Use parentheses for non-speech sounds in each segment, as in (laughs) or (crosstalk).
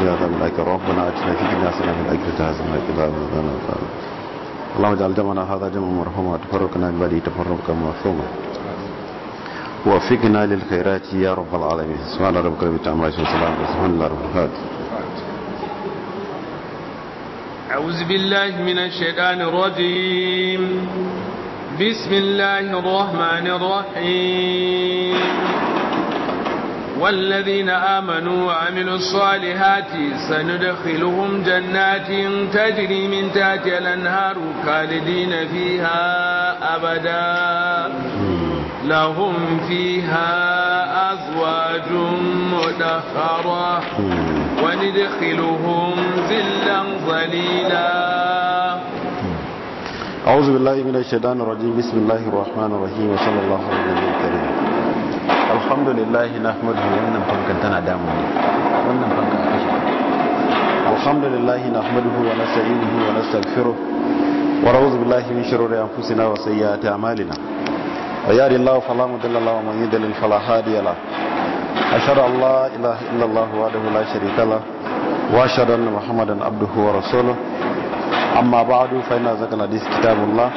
وجود هذا من الأجر ربنا أجرنا في الدنيا حسنة وفي الآخرة حسنة اللهم اجعل جمعنا هذا جمع مرحوما وتفرقنا من بعده تفرقا وفقنا للخيرات يا رب العالمين سبحان ربك تعمل العالمين وسلام سبحان الله ربك أعوذ بالله من الشيطان الرجيم بسم الله الرحمن الرحيم والذين آمنوا وعملوا الصالحات سندخلهم جنات تجري من تحتها الأنهار خالدين فيها أبدا لهم فيها أزواج مدخرة وندخلهم ذلا ظليلا أعوذ بالله من الشيطان الرجيم بسم الله الرحمن الرحيم وصلى الله على النبي الكريم na nahmaduhu wannan fanka tana damu ne wannan fanka a kashe na nahmaduhu wa nasta'inuhu wa nastaghfiruh wa na'udhu billahi min shururi anfusina wa sayyiati a'malina wa yahdihillahu fala mudilla lahu wa man yudlil fala hadiya lahu ashhadu an la ilaha illa allah wahdahu la sharika lahu wa ashhadu anna muhammadan abduhu wa rasuluh amma ba'du fa inna zakal hadith kitabullah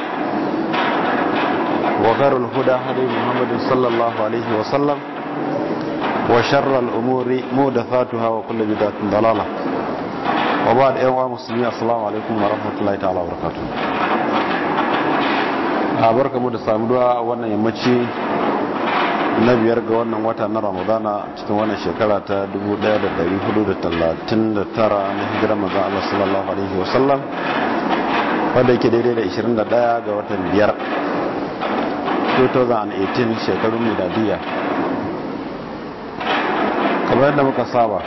وغير الهدى هدي محمد صلى الله عليه وسلم وشر الأمور مودفاتها وكل بدعة ضلالة وبعد أيها المسلمين السلام عليكم ورحمة الله تعالى وبركاته أبرك مودة سامدوا وانا يمشي na biyar ga wannan wata na ramadana cikin wannan shekara ta 1439 na hijirar maza Allah sallallahu alaihi wasallam wanda yake daidai da 21 ga watan biyar 2018 shekarun miladiya kamar yadda muka saba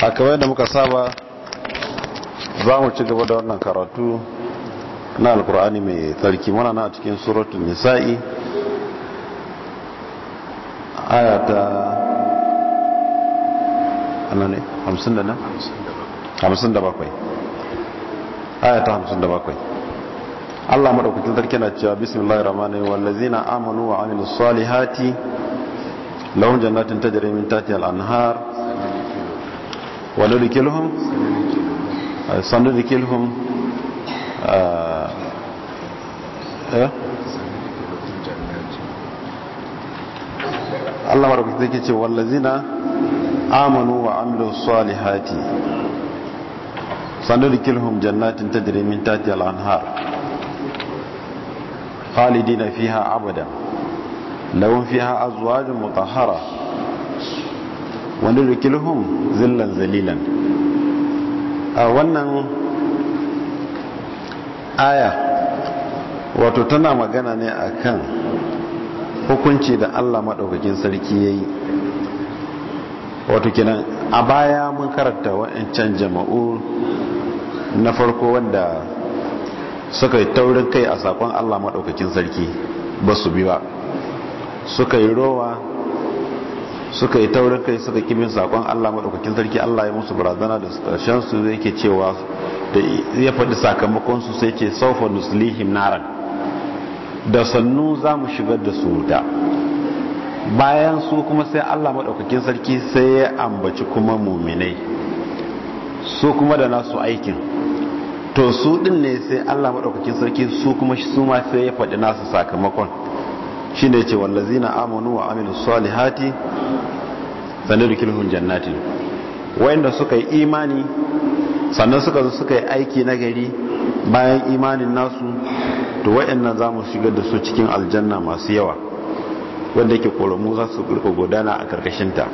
a kamar yadda muka saba za mu ci gaba da wannan karatu na alkur'ani mai tsarki mana na cikin suratun nisa'i aya ta 57 aya ta 57 Allah madaukakin sarki na cewa bismillahir rahmanir rahim wallazina amanu wa amilus salihati lahum jannatin tajri min tahtiha al-anhar wa nudkhiluhum sanudkhiluhum ah, Allah madaukaki take ce wallazina amanu wa amilu salihati kilhum jannatin tajri min tahtiha al-anhar khalidina fiha abada lahum fiha azwajun mutahhara wa kilhum zillan zalilan a wannan aya wato tana magana ne akan hukunci da Allah maɗaukakin sarki ya yi wato kenan a baya mun karanta wa'ancan jama'u na farko wanda suka yi taurin kai a sakon Allah maɗaukakin sarki ba su bi ba suka yi rowa suka yi taurin kai suka kimin sakon Allah maɗaukakin sarki Allah ya musu barazana da ƙarshen su ke cewa da ya faɗi sakamakon su sai ce saufa nuslihim naran da sannu za mu shigar da su da bayan su kuma sai allah maɗaukakin sarki sai ya ambaci kuma muminai su kuma da nasu aikin to su ɗin ne sai allah maɗaukakin sarki su kuma su ma sai ya faɗi nasu sakamakon shi ne ce zina amanu wa Al-hati. salihati da kilhun jannatin wayanda suka yi imani sannan suka zo suka yi aiki na gari bayan imanin nasu to waɗannan za mu shigar da su cikin aljanna masu yawa wanda yake kolomu za su rika godana a karkashinta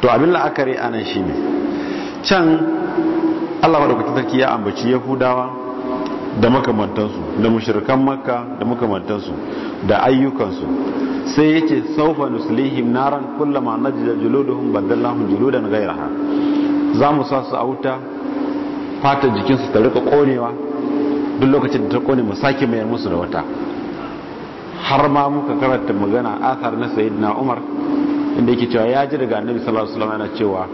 to abin la'akari anan nan ne, can allah madaukakin sarki ya ambaci yahudawa da makamantansu da mushrikan makka da makamantansu da ayyukansu sai yake saufa nuslihim naran kullama najda juluduhum badallahum juludan ghayraha za mu sa a wuta fata jikinsu ta rika konewa duk lokacin da ta kone mu sake mayar musu da wata har ma muka karanta magana athar na sayyidina umar inda yake cewa ya ji daga annabi sallallahu alaihi wasallam yana cewa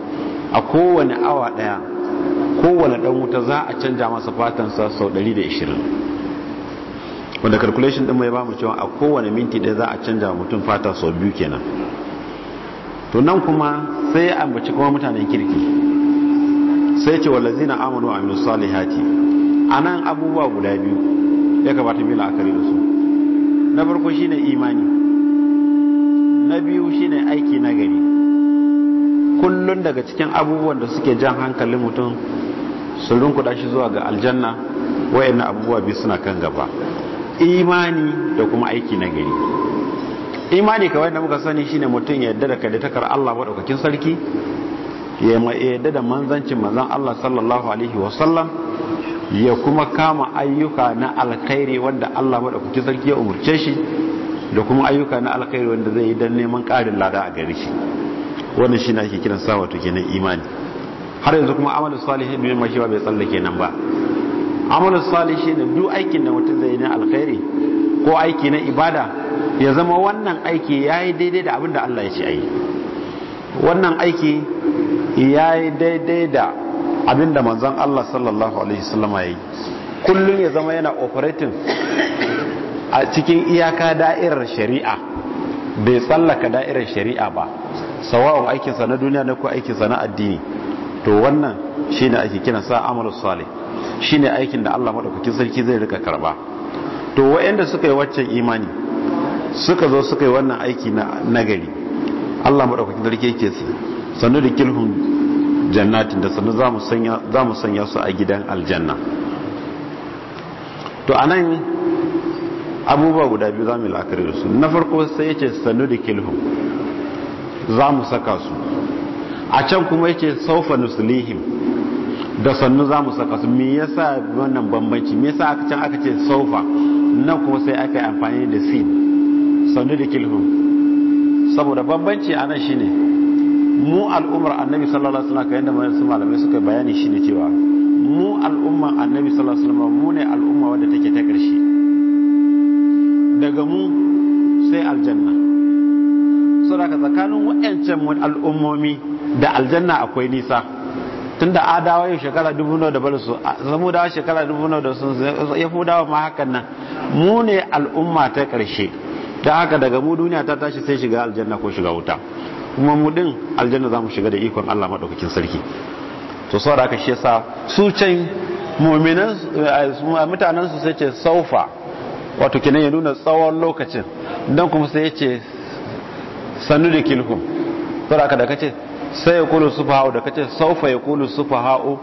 a kowane awa daya kowane dan wuta za a canja masa sa sau 120 wanda calculation din mai ba mu cewa a kowane minti da za a canja mutum fata sau biyu kenan to nan kuma sai ya ambaci kuma mutanen kirki sai ce wallazina amanu wa salihati a nan abubuwa guda biyu ya kamata a kare da su na farko shine imani na biyu shine aiki na gari kullun daga cikin abubuwan da suke jan hankalin mutum su rinkuda shi zuwa ga aljanna wayannan abubuwa biyu suna kan gaba imani da kuma aiki na gari imani kawai da muka sani shine mutum ya yarda da kaditakar Allah madaukakin sarki ya yarda da manzancin manzon Allah sallallahu alaihi wasallam ya kuma kama ayyuka na alkhairi wanda Allah madaukaki sarki ya umurce shi da kuma ayyuka na alkhairi wanda zai yi dan neman ƙarin lada a gare shi wannan shine ake kiran sa wato kenan imani har yanzu kuma amalus salih ne ma shi ba bai tsallake nan ba amalus salih ne duk aikin da mutum zai yi na alkhairi ko aiki na ibada ya zama wannan aiki yayi daidai da abin da Allah ya ce ayi wannan aiki yayi daidai da abinda manzon Allah sallallahu alaihi wasallama yayi kullum ya zama yana operating a cikin iyaka da'irar shari'a bai tsallaka da'irar shari'a ba sawa'un aikinsa na duniya na ku aikinsa na addini to wannan shine ake kina sa amalus shi shine aikin da Allah maɗaukakin sarki zai rika karɓa. to wayanda suka yi waccan imani suka zo suka yi wannan aiki na nagari Allah maɗaukakin sarki yake su "Sannu da Kilhun". jannatin da sannan za mu sanya su a gidan aljanna to a nan abubuwa guda biyu za mu lakar da su na farko sai ya ce sannu da kilhun. za mu saka su a can kuma ya ce saufa nusulihim da sannu za mu saka su me yasa wannan bambanci me yasa aka can aka ce saufa nan kuma sai aka yi amfani da sin sannu da kilhun saboda bambanci a nan shine mu al'ummar annabi sallallahu alaihi wasallam kayan da masu malamai suka bayani shine cewa mu al'ummar annabi sallallahu alaihi wasallam mu ne al'umma wadda take ta ƙarshe daga mu sai aljanna saboda tsakanin wayancan al'ummomi da aljanna akwai nisa tunda adawa yau shekara dubu nau da balsu zamu dawa shekara dubu nau da sun dawa ma hakan nan mu ne al'umma ta ƙarshe ta haka daga mu duniya ta tashi sai shiga aljanna ko shiga wuta kuma mu din aljanna za mu shiga da ikon Allah madaukakin sarki to saboda haka shi yasa su can mu'minan eh, mutanen su sai ce saufa wato kenan ya nuna tsawon lokacin dan kuma sai ya ce sanu da kilku saboda haka da kace sai ya kulu sufaha'u da kace saufa ya kulu sufaha'u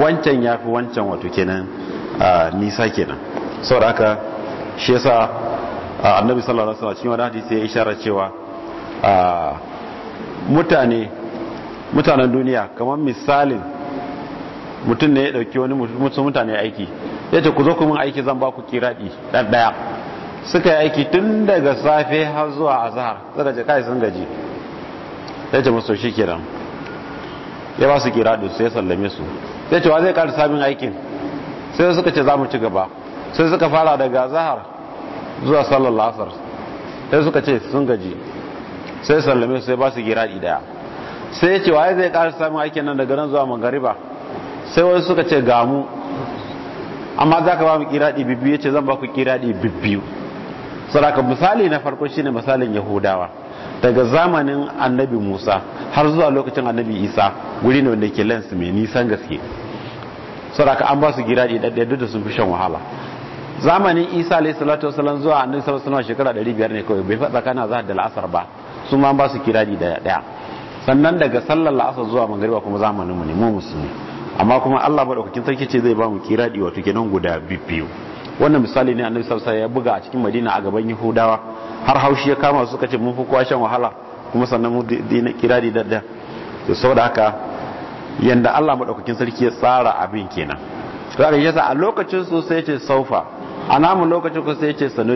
wancan yafi wancan wato kenan nisa kenan saboda haka shi yasa annabi sallallahu alaihi wasallam cikin wani hadisi ya isharar cewa mutane mutanen duniya kamar misalin mutum ne ya dauki wani mutum mutane aiki ya ce ku zo kuma aiki zan ba ku kiraɗi ɗan ɗaya suka yi aiki tun daga safe har zuwa a zahar, suka ce kai sun gaji ya ce masu shi kiran ya ba su kiraɗi su ya sallame su ya ce wa zai ƙara sabin aikin sai suka ce za mu ci gaba sai suka fara daga zahar zuwa sallar lasar sai suka ce sun gaji sai sallame sai ba su giradi daya sai ya ce waye zai ƙara samun aikin nan daga nan zuwa magariba sai wani suka ce gamu amma za ka ba mu kiradi bibbiyu ya ce zan ba ku kiradi bibbiyu saraka misali na farko shine misalin yahudawa daga zamanin annabi musa har zuwa lokacin annabi isa guri ne wanda ke lens mai nisan gaske saraka an ba su giradi ɗaɗɗaya duk da sun fi shan wahala zamanin isa alayhi salatu wasalam zuwa annabi sallallahu alaihi wasallam shekara 500 ne kawai bai faɗa kana za da al'asar ba su ma ba su kirari da daya sannan daga sallar la'asar zuwa magariba kuma zamanin mu ne mu musulmi amma kuma Allah madaukakin sarki ce zai ba mu kirari wato kenan guda biyu wannan misali ne annabi sallallahu ya buga a cikin Madina a gaban Yahudawa har haushi ya kama suka ce mun fi kowa shan wahala kuma sannan mu dina kirari da daya to saboda haka yanda Allah madaukakin sarki ya tsara abin kenan kaga yasa a lokacin su sai ce saufa a namu lokacin ku sai ce sanu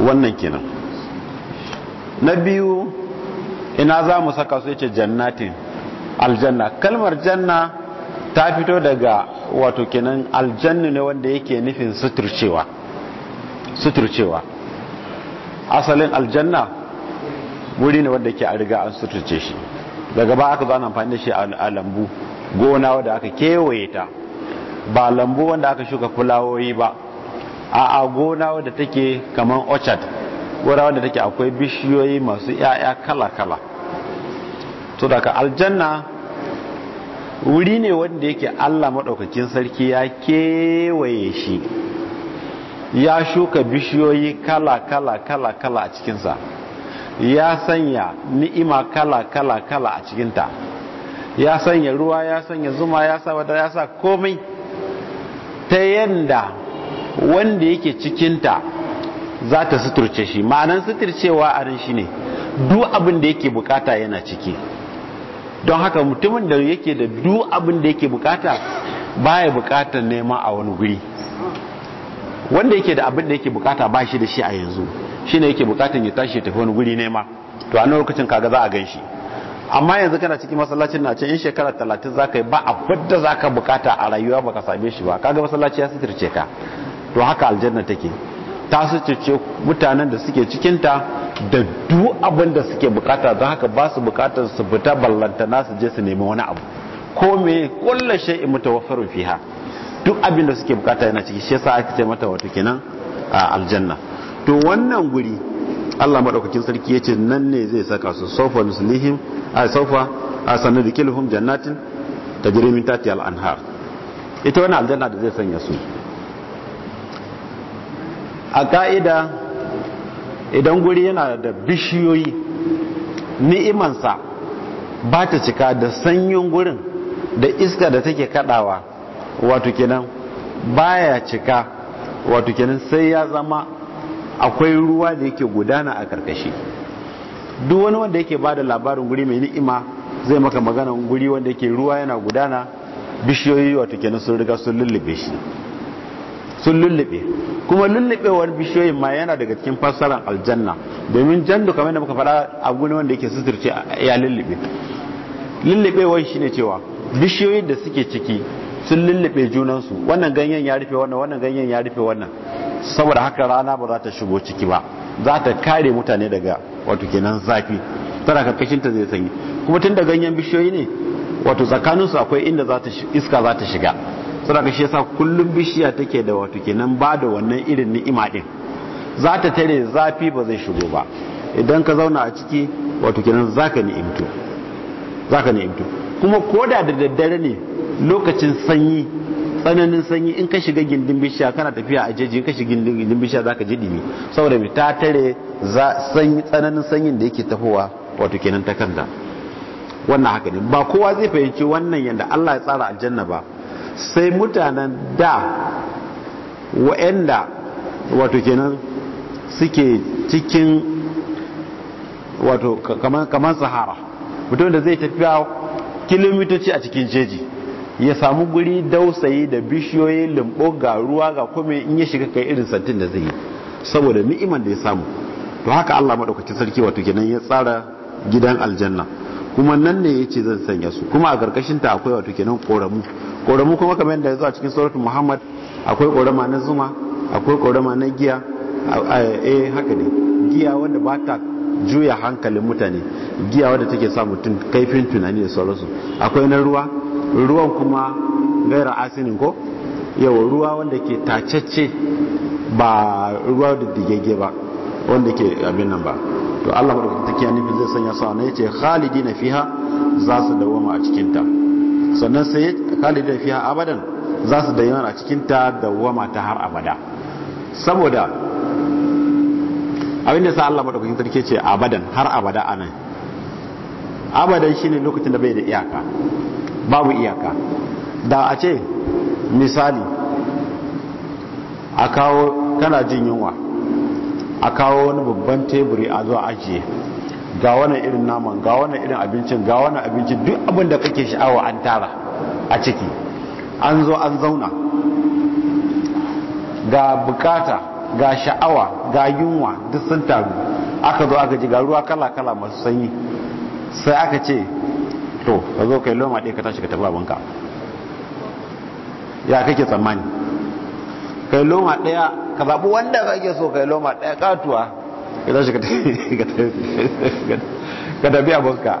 wannan kenan na biyu ina za mu saka su yace jannatin aljanna kalmar janna ta fito daga wato kenan aljannu ne wanda yake nufin suturcewa suturcewa asalin aljanna wuri ne wanda ke a riga an suturce shi daga ba aka zana amfani da shi a lambu gona wadda aka kewaye ta ba lambu wanda aka shuka fulawoyi ba a a gona wadda take kamar orchard wuraren da take akwai bishiyoyi masu ‘ya'ya kala-kala to daga aljanna wuri ne wanda yake allah maɗaukakin sarki ya kewaye shi ya shuka bishiyoyi kala-kala-kala-kala a cikinsa ya sanya ni'ima kala-kala-kala a cikinta ya sanya ruwa ya sanya zuma ya sa wata ya sa komai ta yanda wanda yake cikinta za ta suturce shi ma'anar suturcewa a ran shi ne duk abin da yake bukata yana ciki don haka mutumin da yake da duk abin da yake bukata baya bukatar nema a wani guri wanda yake da abin da yake bukata ba shi da shi a yanzu shi shine yake bukatar ya tashi ya tafi wani guri nema to a lokacin kaga za a gan shi amma yanzu kana cikin masallacin na can in shekara talatin za ka yi ba abin da za ka bukata a rayuwa ba ka same shi ba kaga masallaci ya suturce ka to haka aljanna take ta cece mutanen da suke cikinta da duk abin da suke bukata don haka ba su bukatar su fita ballantana su je su nemi wani abu ko me kulla shay'in mutawaffarun fiha duk abin da suke bukata yana ciki shi yasa aka ce mata wato kenan a aljanna to wannan guri Allah madaukakin sarki yace nan ne zai saka su sofa muslimin a sawfa sanadkiluhum jannatin tajri min tahtiha al-anhar ita wannan aljanna da zai sanya su a ka'ida idan guri yana da bishiyoyi ni'imansa ba ta cika da sanyin gurin da iska da take kadawa wato kenan baya cika wato kenan sai ya zama akwai ruwa da yake gudana a karkashi duk wani wanda yake ba da labarin guri mai ni'ima zai maka magana guri wanda yake ruwa yana gudana bishiyoyi wato kenan sun riga sun lullube shi sun lullube kuma lullubewar bishiyoyin ma yana daga cikin fassarar aljanna domin jandu kamar da muka faɗa abu guni wanda yake sisirce ya lullube lullubewar shine cewa bishiyoyin da suke ciki sun lullube junansu wannan ganyen ya rufe wannan wannan ganyen ya rufe wannan saboda haka rana ba za ta shigo ciki ba za ta kare mutane daga wato kenan zafi tana karkashin ta zai sanyi kuma tun da ganyen bishiyoyi ne wato tsakaninsu akwai inda iska za ta shiga ka shi yasa kullum bishiya take da wato kenan ba da wannan irin ni'ima din za ta tare zafi ba zai shigo ba idan ka zauna a ciki wato kenan zaka ni'imtu zaka ni'imto kuma koda da daddare ne lokacin sanyi tsananin sanyi in ka shiga gindin bishiya kana tafiya a jeji in ka shiga gindin bishiya zaka ji dimi saboda mai ta tare sanyi tsananin sanyin da yake tafowa wato kenan ta kanta wannan haka ne ba kowa zai fahimci wannan yadda Allah ya tsara aljanna ba sai mutanen da wa'anda wato kenan suke cikin wato kamar sahara mutum da zai tafiya kilomitoci a cikin jeji ya samu guri dausayi da bishiyoyi limbo ga ruwa ga kome in ya shiga kai irin santin da zai yi saboda ni'iman da ya samu to haka Allah maɗaukacin sarki wato kenan ya tsara gidan aljanna kuma nan ne ce zan sanya su kuma a karkashin ta akwai wato kenan koramu koramu kuma kamar yadda zuwa cikin suratul muhammad akwai korama na zuma akwai korama na giya eh haka ne giya wanda ba ta juya hankalin mutane giya wanda take sa mutum kaifin tunani da sauransu akwai na ruwa ruwan kuma gaira asinin ko yawa ruwa wanda ke tacece ba ruwa da digege ba wanda ke abin nan ba to Allah ba sarki ya nufin zai sanya sa ne yace khalidina fiha za su dawama a cikin ta sannan sai khalidina fiha abadan za su dawama a cikin ta dawama ta har abada saboda abin da sa Allah madaukakin sarki ce abadan har abada nan abadan shine lokacin da bai da iyaka babu iyaka da a ce misali a kawo kana jin yunwa a kawo wani babban teburi a zuwa ajiye ga wani irin naman ga wani irin abincin ga wani abincin duk abin da kake sha'awa an tara a ciki an zo an zauna ga bukata ga sha'awa ga yunwa duk sun taru aka zo aka ji ga ruwa kala-kala masu sanyi sai aka ce to ka zo kai loma ɗaya ka tashi ka tafi abinka ya kake tsammani kai loma ɗaya ka zaɓi wanda kake so kai loma ɗaya katuwa ka tashi ka tafi abinka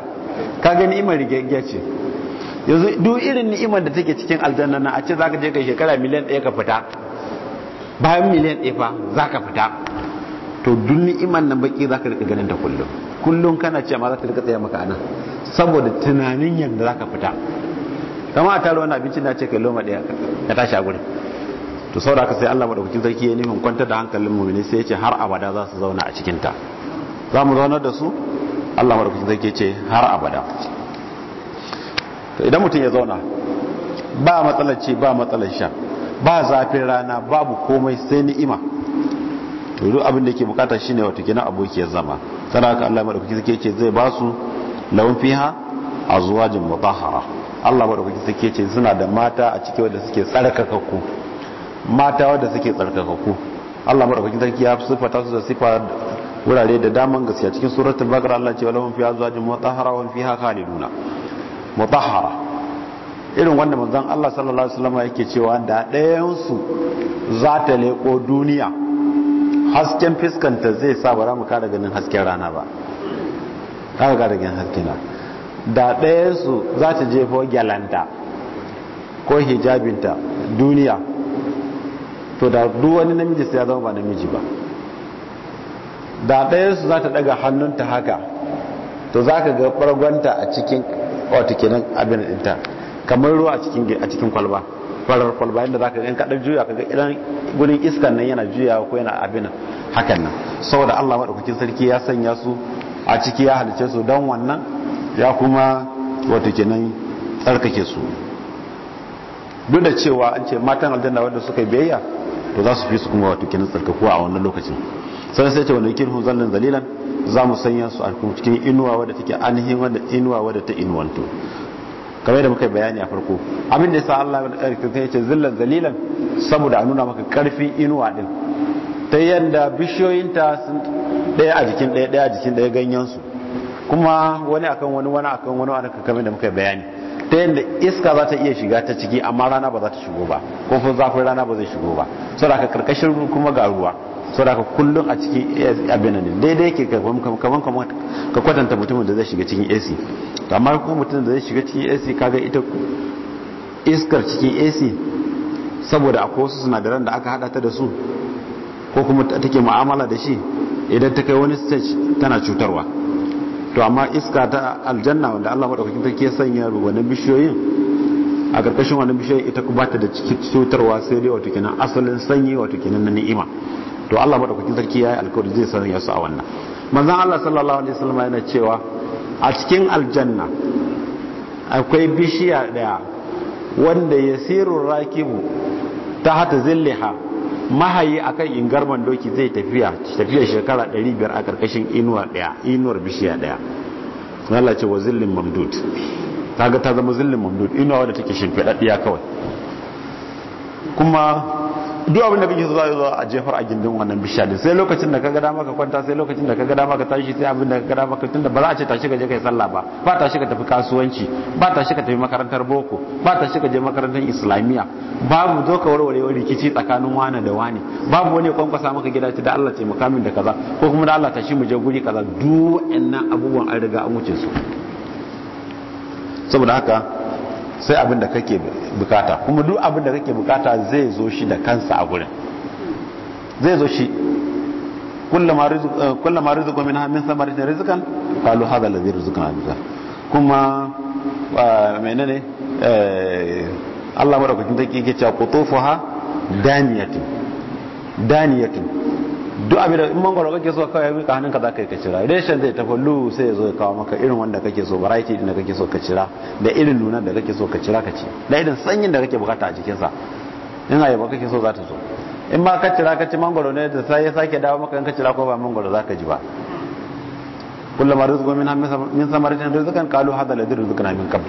ka gani imar rigegge ce yanzu duk irin ni'imar da take cikin aljanna na a ce zaka je kai shekara miliyan ɗaya ka fita bayan miliyan ɗaya fa zaka fita to duk ni'imar nan baki zaka rika ganin ta kullum kullum kana ce ma za ta rika tsaya maka anan saboda tunanin yadda zaka fita kama a tara wani abincin da ce kai loma ɗaya ka tashi a gurin to sau da haka sai Allah madaukakin sarki ya nemi kwanta da hankalin mu'mini sai ya ce har abada za su zauna a cikinta. za mu zaunar da su Allah madaukakin sarki ya ce har abada to idan mutum ya zauna ba matsalar ci ba matsalar sha ba zafin rana babu komai sai ni'ima to duk abin da yake bukata shine wato aboki ya zama sana haka Allah madaukakin sarki ya ce zai ba su lawan fiha azwajin mutahhara Allah madaukakin sarki ya ce suna da mata a cikin wanda suke tsarkakakku mata wadda suke tsarkakakku Allah madaukakin sarki ya sifata su da sifa wurare da daman gaskiya cikin suratul baqara Allah ce walahum fiha azwajun mutahhara wa fiha khaliduna mutahhara irin wanda manzon Allah sallallahu alaihi wasallam yake cewa da ɗayan su za ta leko duniya hasken fiskan ta zai sa ba za mu kada ganin hasken rana ba kada kada ganin hasken rana da ɗayan su za ta jefo gyalanta ko hijabinta duniya to da duk wani namiji sai ya zama ba namiji ba da ɗaya su za ta ɗaga hannunta haka to za ka ga ɓargonta a cikin wata kenan abin ɗinta kamar ruwa a cikin kwalba farar kwalba yadda za ka ga ɗan juya ka ga idan gudun iskan nan yana juya ko yana abin hakan nan saboda allah maɗaukakin sarki ya sanya su a ciki ya halice su don wannan ya kuma wata kenan tsarkake su duk da cewa an ce matan aljanna wanda suka biyayya to za su fi su kuma wato kenan tsarkaku a wannan lokacin sai sai ce wanda yake ruhu zallan zalilan za mu sanya su a kuma cikin inuwa wadda take ainihin wadda inuwa wadda ta inuwanto kamar da muka yi bayani a farko abin da yasa Allah ya karkata sai ce zallan zalilan saboda a nuna maka karfin inuwa din ta yanda bishiyoyinta sun daya a jikin daya daya a jikin daya ganyen su kuma wani akan wani wani akan wani wani kamar da muka yi bayani ta yadda iska za ta iya shiga ta ciki amma rana ba za ta shigo ba ko zafin rana ba zai shigo ba saboda karkashin kuma ga ruwa saboda kullum a cikin eh, abin nan daidai ke kaman ka kwatanta mutumin da zai shiga cikin AC amma kuma mutumin da zai shiga cikin AC kaga ita iskar cikin AC saboda akwai wasu sinadaran da aka hada ta da su ko kuma take ma'amala da shi idan ta kai wani stage tana cutarwa to amma iska ta aljanna wanda Allah madaukakin sarki ke sanya wannan bishiyoyin a karkashin wannan bishiyoyin ita ku bata da cutarwa sai dai wato kenan asalin sanyi wato kenan na ni'ima to Allah madaukakin sarki yayi alkawari zai sanya su a wannan manzon Allah sallallahu alaihi wasallam yana cewa a cikin aljanna akwai bishiya daya wanda yasiru rakibu ta hata zillaha mahayi akan ingarman doki zai tafiya tafiya shekara 500 a karkashin inuwar daya inuwar bishiya daya Allah ce wa zillin mamdud kaga ta zama zillin mamdud inuwa wadda take shimfiɗaɗɗiya kawai kuma duk abin da kake so zai zo a jefar a gindin wannan bishiya sai lokacin da ka ga dama ka kwanta sai lokacin da ka ga dama ka tashi sai abin da ka ga dama ka tunda ba za a ce tashi ka je kai sallah ba ba tashi ka tafi kasuwanci ba tashi ka tafi makarantar boko ba tashi ka je makarantar islamiya babu zo ka warware wani rikici tsakanin wani da wani babu wani kwankwasa maka gida da Allah taimaka makamin da kaza ko kuma da Allah tashi mu je guri kaza duk wannan abubuwan an riga an wuce su saboda haka sai abin da kake bukata kuma duk abin da kake bukata zai zo shi da kansa a gurin zai zo shi kullama eh, rizqu min min samaratin rizqan qalu zai alladhi a abisa kuma menene eh, Allah kwakin take yake cewa ha daniyatun daniyatu. duk abin da in mangoro kake so kawai mika hannun ka zaka yi ka cira idan shan zai tafi lu sai ya zo ya kawo maka irin wanda kake so variety din da kake so ka cira da irin nuna da kake so ka cira ka ci da irin sanyin da kake bukata a jikinsa in ayaba kake so za ta zo in ma ka cira ka ci mangoro ne da sai ya sake dawo maka in ka cira ko ba za ka ji ba kullama rizqu min min samaratin kalu hada hadha ladhi rizqana min qabl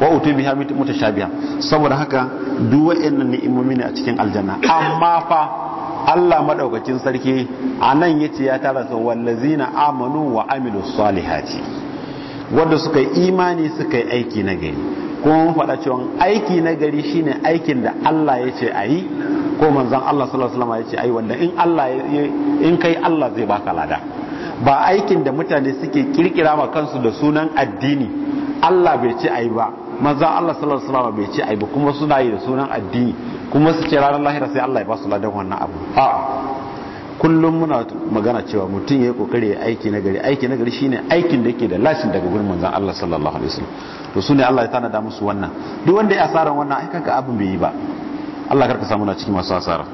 wa utu biha mutashabiha saboda haka duk wa'annan ni'imomi ne a cikin aljanna amma fa Allah madaukakin sarki a nan ya ce ya tara wallazina amanu wa amilu salihati wanda suka yi imani suka yi aiki na gari kuma mun faɗa cewa aiki na gari shine aikin da Allah ya ce a yi ko manzon Allah sallallahu alaihi wasallam ya ce a yi wanda in Allah in kai Allah zai baka lada ba aikin da mutane suke kirkira ma kansu da sunan addini Allah bai ce a yi ba manzon Allah sallallahu alaihi wasallam bai ce a yi ba kuma suna yi da sunan addini kuma su ce ranar lahira sai Allah ya ba su ladan wannan abu a kullum muna magana cewa mutum ya kokari ya aiki na gari aiki na gari shine aikin da yake da lashin daga gurin manzon Allah sallallahu alaihi wasallam to sune Allah ya tanada musu wannan duk wanda ya asara wannan ai kanka abin bai yi ba Allah karka samu na cikin masu asara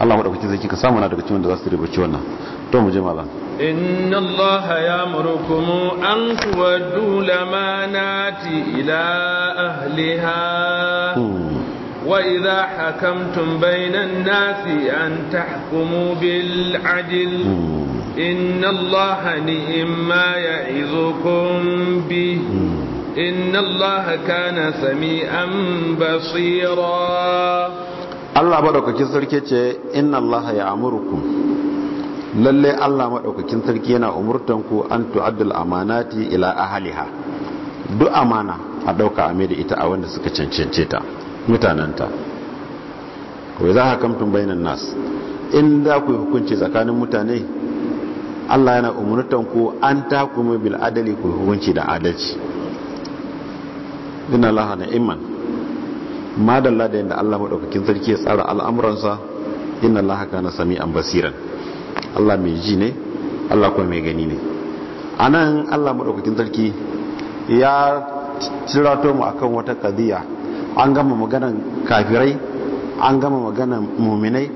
Allah madaukaki zai kika samu na daga cikin da za su ribaci wannan to mu je malam إن الله يأمركم أن تودوا الأمانات إلى أهلها وإذا حكمتم بين الناس أن تحكموا بالعدل hmm. إن الله نئم ما يعظكم به hmm. إن الله كان سميعا بصيرا Allah madaukakin sarki ce inna Allah ya amurkum lalle Allah madaukakin sarki yana umurtan ku an tu'addul amanati ila ahliha duk amana a dauka ame da ita a wanda suka cancance ta mutananta kawai za hakamtun bainan nas in za ku hukunci tsakanin mutane Allah yana umurtan ku an takumi bil adali ku hukunci da adalci inna laha iman madalla da yadda Allah maɗaukakin sarki ya tsara al'amuransa inna laha ka sami an basiran Allah mai ji ne Allah kuma mai gani ne a nan Allah maɗaukakin sarki ya tirato mu akan wata kadiya an gama maganan kafirai an gama maganan muminai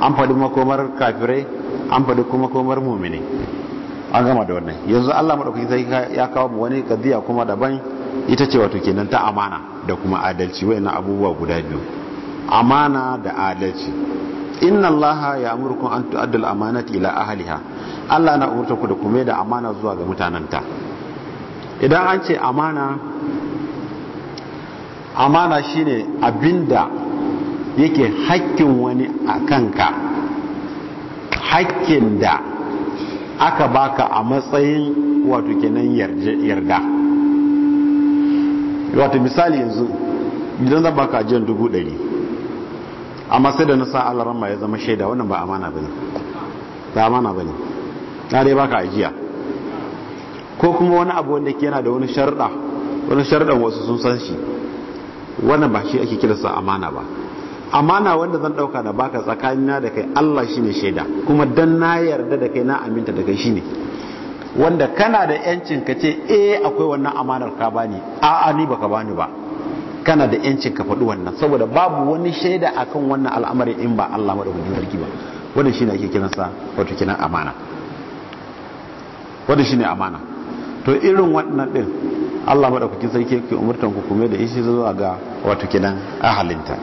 an faɗi makomar kafirai an faɗi kuma komar muminai an gama da wannan yanzu Allah madaukaki sai ya kawo mu wani kadiya kuma daban ita ce wato kenan ta amana da kuma adalci na abubuwa guda biyu amana da adalci inna allaha ya'murukum an tu'addu al ila ahliha Allah na umurta ku da kuma da amana zuwa ga mutananta idan an ce amana amana shine abinda yake hakkin wani a kanka hakkin da aka baka a matsayin wato kenan yarda wato misali yanzu idan zan baka ajiyar dubu ɗari amma sai da nasa alarama ya zama shaida wannan ba amana ba ne ba amana ba ne na dai baka ajiya ko kuma wani abu wanda ke yana da wani sharɗa wani sharɗan wasu sun san shi wannan ba shi ake kiransa amana ba amana wanda zan dauka da baka tsakanina da kai Allah shine shaida kuma dan na yarda da kai na aminta da kai shine wanda kana da yancin ka ce eh akwai wannan amanar ka bani a'a ni baka bani ba kana da yancin ka faɗi wannan saboda babu wani shaida akan wannan al'amari in ba Allah madaukakin sarki ba wannan shine ake kiransa wato kina amana wannan shine amana to irin wannan din Allah madaukakin sarki yake umurtan ku kuma da ishi zuwa ga wato kidan ahalinta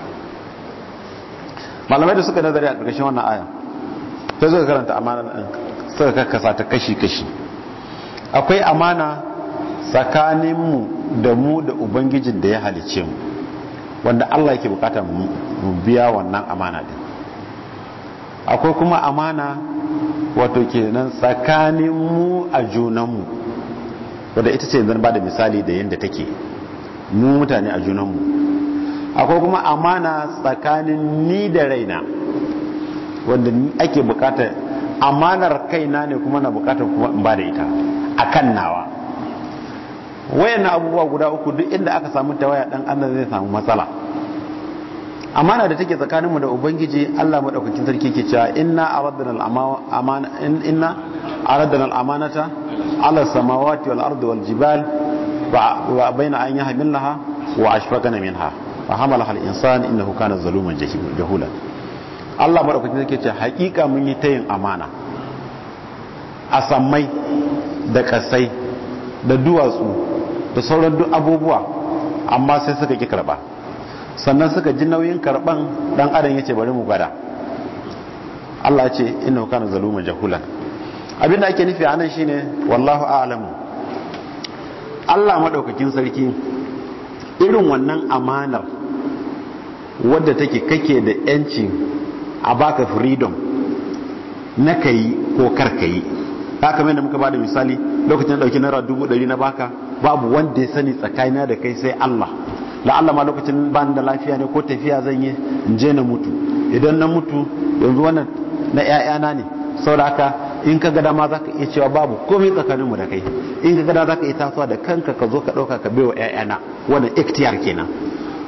malamai da suka nazari a ƙarshen wannan aya sai suka karanta amana din suka kakkasa ta kashi kashi akwai amana tsakaninmu da mu da ubangijin da ya halice mu wanda Allah yake bukata mu biya wannan amana din akwai kuma amana wato kenan tsakaninmu a junanmu wadda ita ce zan ba da misali da yadda take mu mutane a junanmu akwai kuma amana tsakanin ni da raina wanda ake bukata amanar kaina ne kuma na bukatar kuma in ba da ita a kan nawa wayan abubuwa guda uku duk inda aka samu tawaya dan Allah zai samu matsala amana da take tsakaninmu da ubangiji Allah maɗaukakin sarki ke cewa inna a waddana amana inna aradana amanata. ala samawati wal ardi wal jibal wa baina an yahmilnaha wa ashfaqana minha fa hamala al insan innahu kana zaluman jahula Allah madaukakin yake ce haƙiƙa mun yi tayin amana a samai, da kasai da duwatsu da sauran duk abubuwa amma sai suka ki karba sannan suka ji nauyin karban ɗan adam yace bari mu gada Allah ya ce innahu kana zaluman jahulan abinda ake nufi a nan ne wallahu a'lam Allah madaukakin sarki irin wannan amanar wadda take kake da yanci a baka freedom na yi ko kar haka mai da muka bada misali lokacin da dauki naira dubu ɗari na baka babu wanda ya sani tsakanina da kai sai Allah Allah ma lokacin ban da lafiya ne ko tafiya zan yi in je na mutu idan na mutu yanzu wannan na 'ya'yana ne da haka in ka gada ma za ka iya cewa babu komai tsakaninmu da kai in ka gada za ka iya tasowa da kanka ka zo ka ɗauka ka bewa ‘ya'yana wannan ikhtiyar kenan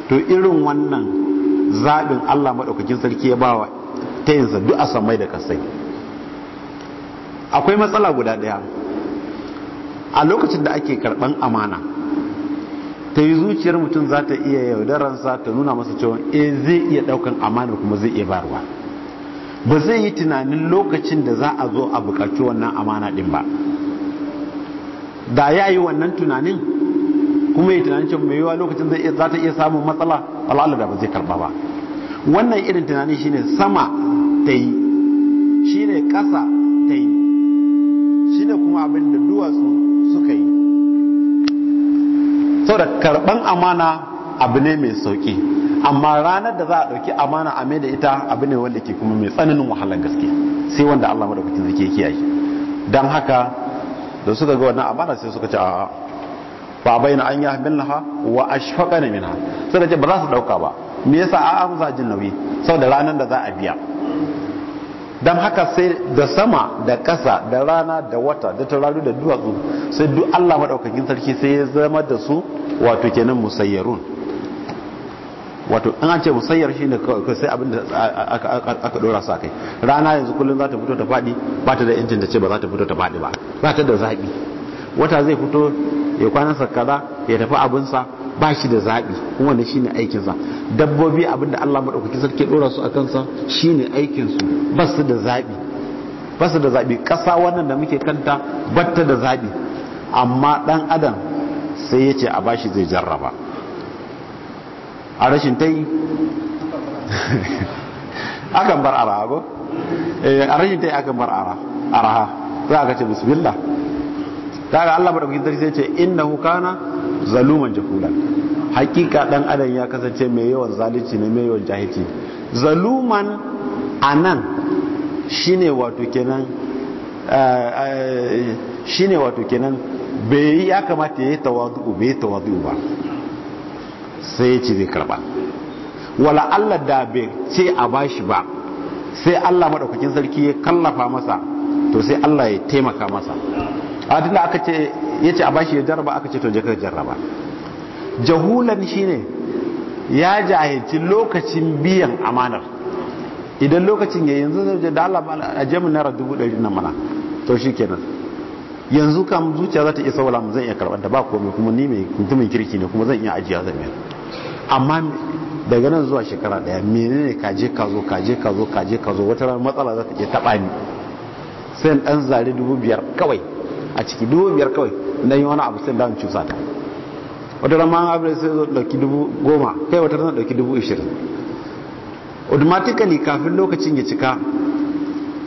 to irin wannan zaɓin allah maɗaukakin sarki ya bawa ta yin duk a samai da kasai akwai matsala guda ɗaya a lokacin da ake karɓan amana ta yi zuciyar mutum za ta iya yaudaransa ta nuna masa cewa e zai iya ɗaukan amana kuma zai iya barwa ba zai yi tunanin lokacin da za a zo a bukaci wannan amana din ba da ya yi wannan tunanin kuma yi tunanin cewa mai yiwa lokacin za ta iya samun matsala al'ala da ba zai karba ba wannan irin tunanin shine sama ta yi shine ƙasa ta yi shine kuma abin da duwatsu suka yi da karban amana abu ne mai sauki amma ranar da za a ɗauki amana a da ita abu ne wanda ke kuma mai tsananin wahalar gaske sai wanda Allah madaukakin zai kiyaye dan haka da suka ga wannan amana sai suka ce a ba bayyana an laha wa ashfaqana minha suka ce ba za su ɗauka ba me yasa a an za jin nauyi saboda ranar da za a biya dan haka sai da sama da ƙasa da rana da wata da tauraru da duwatsu sai duk Allah madaukakin sarki sai ya zama da su wato kenan musayyarun wato in an ce musayyar shine sai abin da aka dora su kai rana yanzu kullum za ta fito ta fadi ba ta da injin da ce ba za ta fito ta fadi ba ba ta da zaɓi. wata zai fito ya kwana sakara ya tafi abinsa ba shi da zaɓi kuma da ne aikinsa dabbobi abinda Allah maɗaukaki sarki ɗora su a kansa shi ne aikinsu ba su da zaɓi ba su da ƙasa wannan da muke kanta ba ta da zaɓi amma ɗan adam sai ya ce a bashi zai jarraba a rashin ta yi akan bar araha ko eh, a rashin ta yi akan bar araha za a kace bismillah ga Allah da sarki sai ce innahu hukana zaluman jahulan hakika dan adam ya kasance mai yawan zalici ne mai yawan jahilci zaluman anan shine wato kenan eh, eh, shine wato kenan bai ya kamata yayi tawadu bai tawadu ba sai ya ce zai karba wala Allah da bai ce a bashi ba sai Allah madaukakin sarki ya kallafa masa to sai Allah ya taimaka masa a tunda aka ce ya ce a bashi ya jarraba aka ce to je ka jarraba jahulan shine ya jahilci lokacin biyan amanar idan lokacin ya yanzu zai da Allah a jami mu naira dubu ɗari nan mana to shi kenan yanzu kam zuciya za ta iya wala mu zan iya karɓar da ba komai kuma ni mai mutumin kirki ne kuma zan iya ajiya zan yi amma daga nan zuwa shekara daya menene kaje ka zo kaje ka zo kaje ka zo wata rana matsala za ta ke taɓa ni sai ɗan zari dubu biyar kawai a ciki dubu biyar kawai dan yi wani abu sai dan ci sata wata rama abu sai zo ɗauki dubu goma kai wata rana ɗauki dubu automatically kafin lokacin ya cika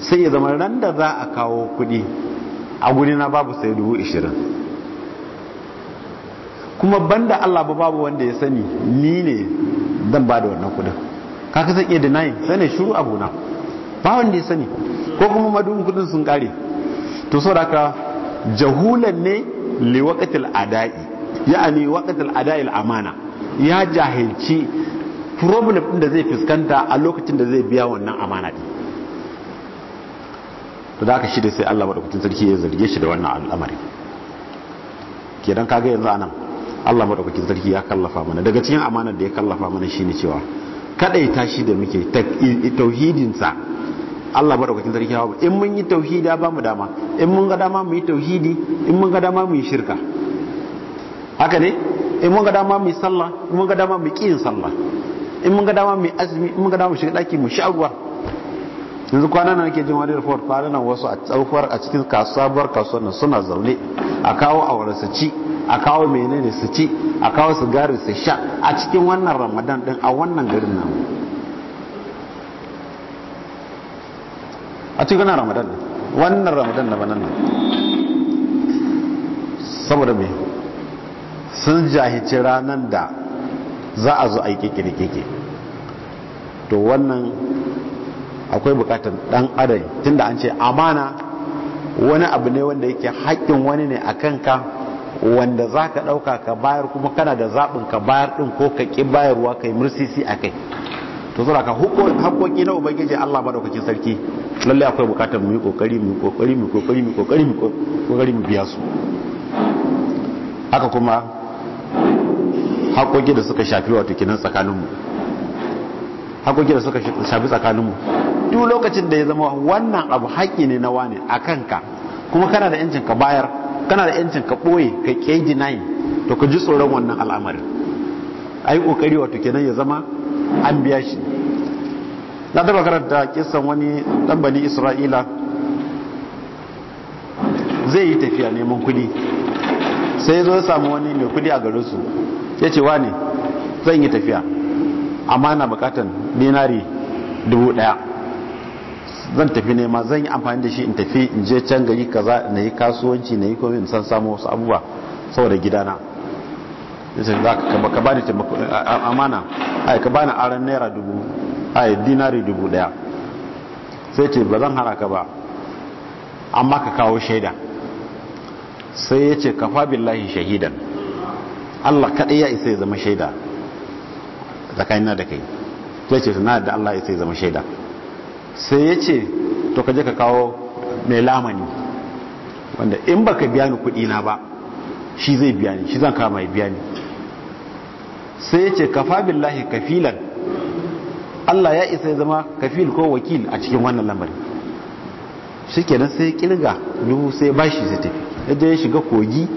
sai ya zama ran da za a kawo kuɗi a guri na babu sai dubu kuma banda Allah ba babu wanda ya sani ni ne zan ba da wannan kudin kaka zan iya denying sai ne shiru abuna ba wanda ya sani ko kuma madun kudin sun kare to saboda jahulan ne li waqtil ada'i ya'ani waqtil ada'il amana ya jahilci problem din da zai fuskanta a lokacin da zai biya wannan amana din to da ka shi da sai Allah madaukakin sarki ya zarge shi da wannan al'amari ka kaga yanzu anan Allah madaukakin sarki ya kallafa mana daga cikin amanar da ya kallafa mana shine cewa kadaita shi da muke tauhidin sa Allah madaukakin sarki ya in mun yi tauhida ba mu dama in mun ga dama mu yi tauhidi in mun ga dama mu yi shirka haka ne in mun ga dama mu yi sallah in mun ga dama mu yi kiyin sallah in mun ga dama mu yi azumi in mun ga dama mu shiga daki mu sha ruwa yanzu kwana na ke jin wani report kwana nan wasu a tsaukwar a cikin kasuwar kasuwar nan suna zaune a kawo awara su ci a kawo menene su ci a kawo sigari su sha a cikin wannan ramadan din a wannan garin nan a cikin ramadan din wannan ramadan na banan nan saboda me sun jahici ranar da za a zo aiki kirkike to wannan akwai bukatar dan adam tunda an ce amana wani abu ne wanda yake haƙƙin wani ne a ka wanda za ka ɗauka ka bayar kuma kana da zaɓin ka bayar ɗin ko ka ƙi bayarwa kai yi mursisi a kai to zura ka haƙƙoƙi na ubangiji allah maɗaukakin sarki lallai akwai bukatar mu yi ƙoƙari mu mu mu mu ƙoƙari mu biya su haka kuma haƙoƙi da suka shafi wato kinan tsakaninmu hakokin da suka shafi tsakaninmu duk lokacin da ya zama wannan abu haƙƙi ne na wani a kanka kuma kana da yancin ka bayar kana da yancin ka ɓoye ka ƙeji nayi to ka ji tsoron wannan al'amarin a yi ƙoƙari wato kenan ya zama an biya shi na taɓa karanta kisan wani ɗan bani isra'ila zai yi tafiya neman kuɗi sai ya zo ya samu wani mai kuɗi a garinsu ya ce wa ne zan yi tafiya amma na bukatan dinari dubu daya zan tafi nema zan yi amfani da shi in tafi in je can gari kaza na yi kasuwanci na yi komai in san samu wasu abubuwa saboda gidana za ka ka bani amana ai ka bani aran naira dubu ai dinari dubu daya sai ce ba zan hana ka ba amma ka kawo shaida sai ya ce kafa billahi shahidan Allah kaɗai ya isa ya zama shaida tsakanina da kai ya ce suna da Allah ya zama shaida sai ya ce to kaje ka kawo mai lamani wanda in ba ka biya ni kudi na ba shi zai biya ni shi zan kawo mai biya ni sai ya ce kafa billahi kafilan Allah ya isa ya zama kafil ko wakil a cikin wannan lamarin shi kenan sai kirga dubu sai bashi sai tafi yadda ya shiga kogi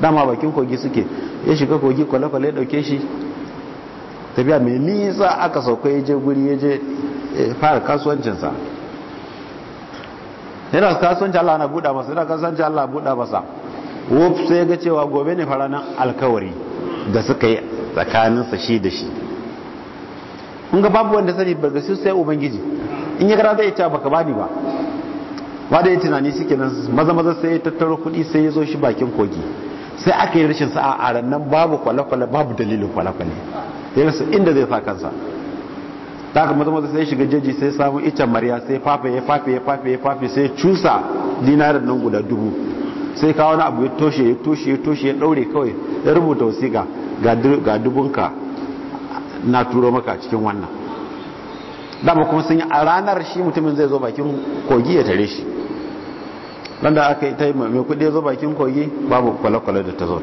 dama bakin kogi suke ya shiga kogi kwale-kwale ya dauke shi tafiya mai nisa aka sauka ya je guri ya je eh, fara kasuwancinsa yana kasuwanci Allah na buɗa masa yana kasuwanci Allah buɗa masa wuf sai ga cewa gobe ne nan alkawari da suka yi tsakaninsa shi da shi in ga babu wanda sani bar gasu sai ubangiji in ya gara zai ce baka bani ba ba da ya tunani suke kenan maza maza sai ya tattaro kuɗi sai ya zo shi bakin kogi sai aka yi rashin sa'a a nan babu kwale-kwale babu dalilin kwale-kwale ya inda zai sa kansa ta ka maza maza sai shiga jeji sai samu icen marya sai fafe ya fafe ya fafe ya fafe sai cusa dinarin nan guda dubu sai kawo wani abu ya toshe ya toshe ya toshe ya daure kawai ya rubuta wasiƙa ga dubunka na turo maka cikin wannan dama kuma sun yi a ranar shi mutumin zai zo bakin kogi ya tare shi wanda aka yi ta yi mai kudi ya zo bakin kogi babu kwale-kwale da ta zo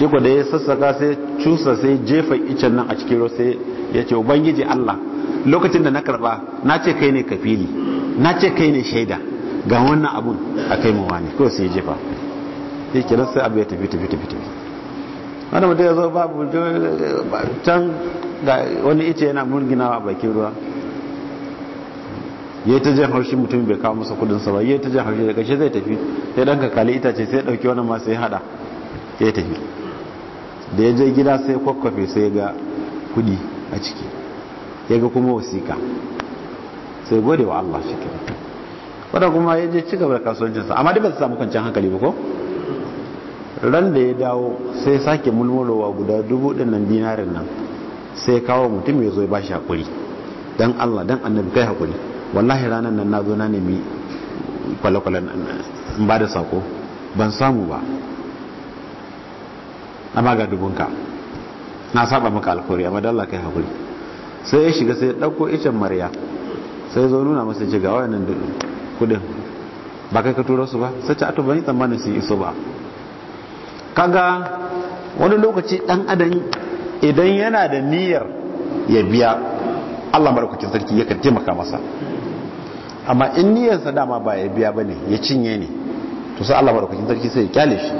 shi ku da ya sassaka sai cusa sai jefa icen nan a cikin ruwa sai ya ce ubangiji Allah lokacin da na karba na ce kai ne kafili na ce kai ne shaida ga wannan abun a kai mawa ne ko sai ya jefa sai kira sai abu ya tafi tafi tafi tafi wanda mutum ya zo babu can ga wani ice yana murginawa a bakin ruwa ya yi ta jan harshe mutum bai kawo masa kudinsa ba ya yi ta jan harshe da kashe zai tafi sai ɗan ka kali itace sai ɗauki wani masu ya haɗa ya tafi da ya je gida sai kwakwafe sai ga kudi a ciki ya ga kuma wasiƙa sai gode wa Allah shi kira wadda kuma ya je cigaba da kasuwancinsa amma duk ba su samu kwanciyar hankali ba ko ran da ya dawo sai sake mulmulowa guda dubu dinnan dinarin nan sai kawo mutum ya zo ya bashi hakuri dan Allah dan annabi kai hakuri wallahi ranan nan na zo na nemi kwale-kwale in ba da sako ban samu ba amma ga dubunka na saba maka alkawari amma dalla kai hakuri sai ya shiga sai ya dauko icen marya sai zo nuna masa ce ga wayannan kudin ba kai ka turo su ba sai ta ato bani tsammanin sun iso ba kaga wani lokaci dan adam idan yana da niyyar ya biya Allah madaukakin sarki yakan taimaka masa amma in niyyarsa dama ba ya biya bane ya cinye ne to sai Allah madaukakin sarki sai ya kyale shi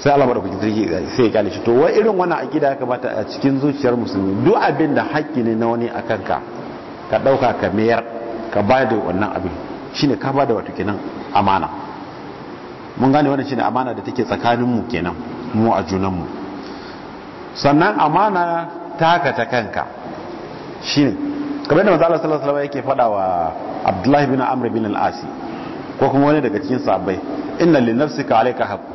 sai Allah madaukakin sarki sai ya kyale shi to wai irin wannan akida ya kamata a cikin zuciyar musulmi duk abin da haƙƙi ne na wani akan ka ka dauka ka mayar ka ba da wannan abin shine ka ba da wato kenan amana mun gane wannan shine amana da take tsakanin mu kenan mu a junan mu sannan amana ka ta kanka shine kamar da manzo sallallahu alaihi wasallam yake faɗa wa Abdullahi bin Amr bin al-Asi ko kuma wani daga cikin sahabbai inna li nafsika alayka haqq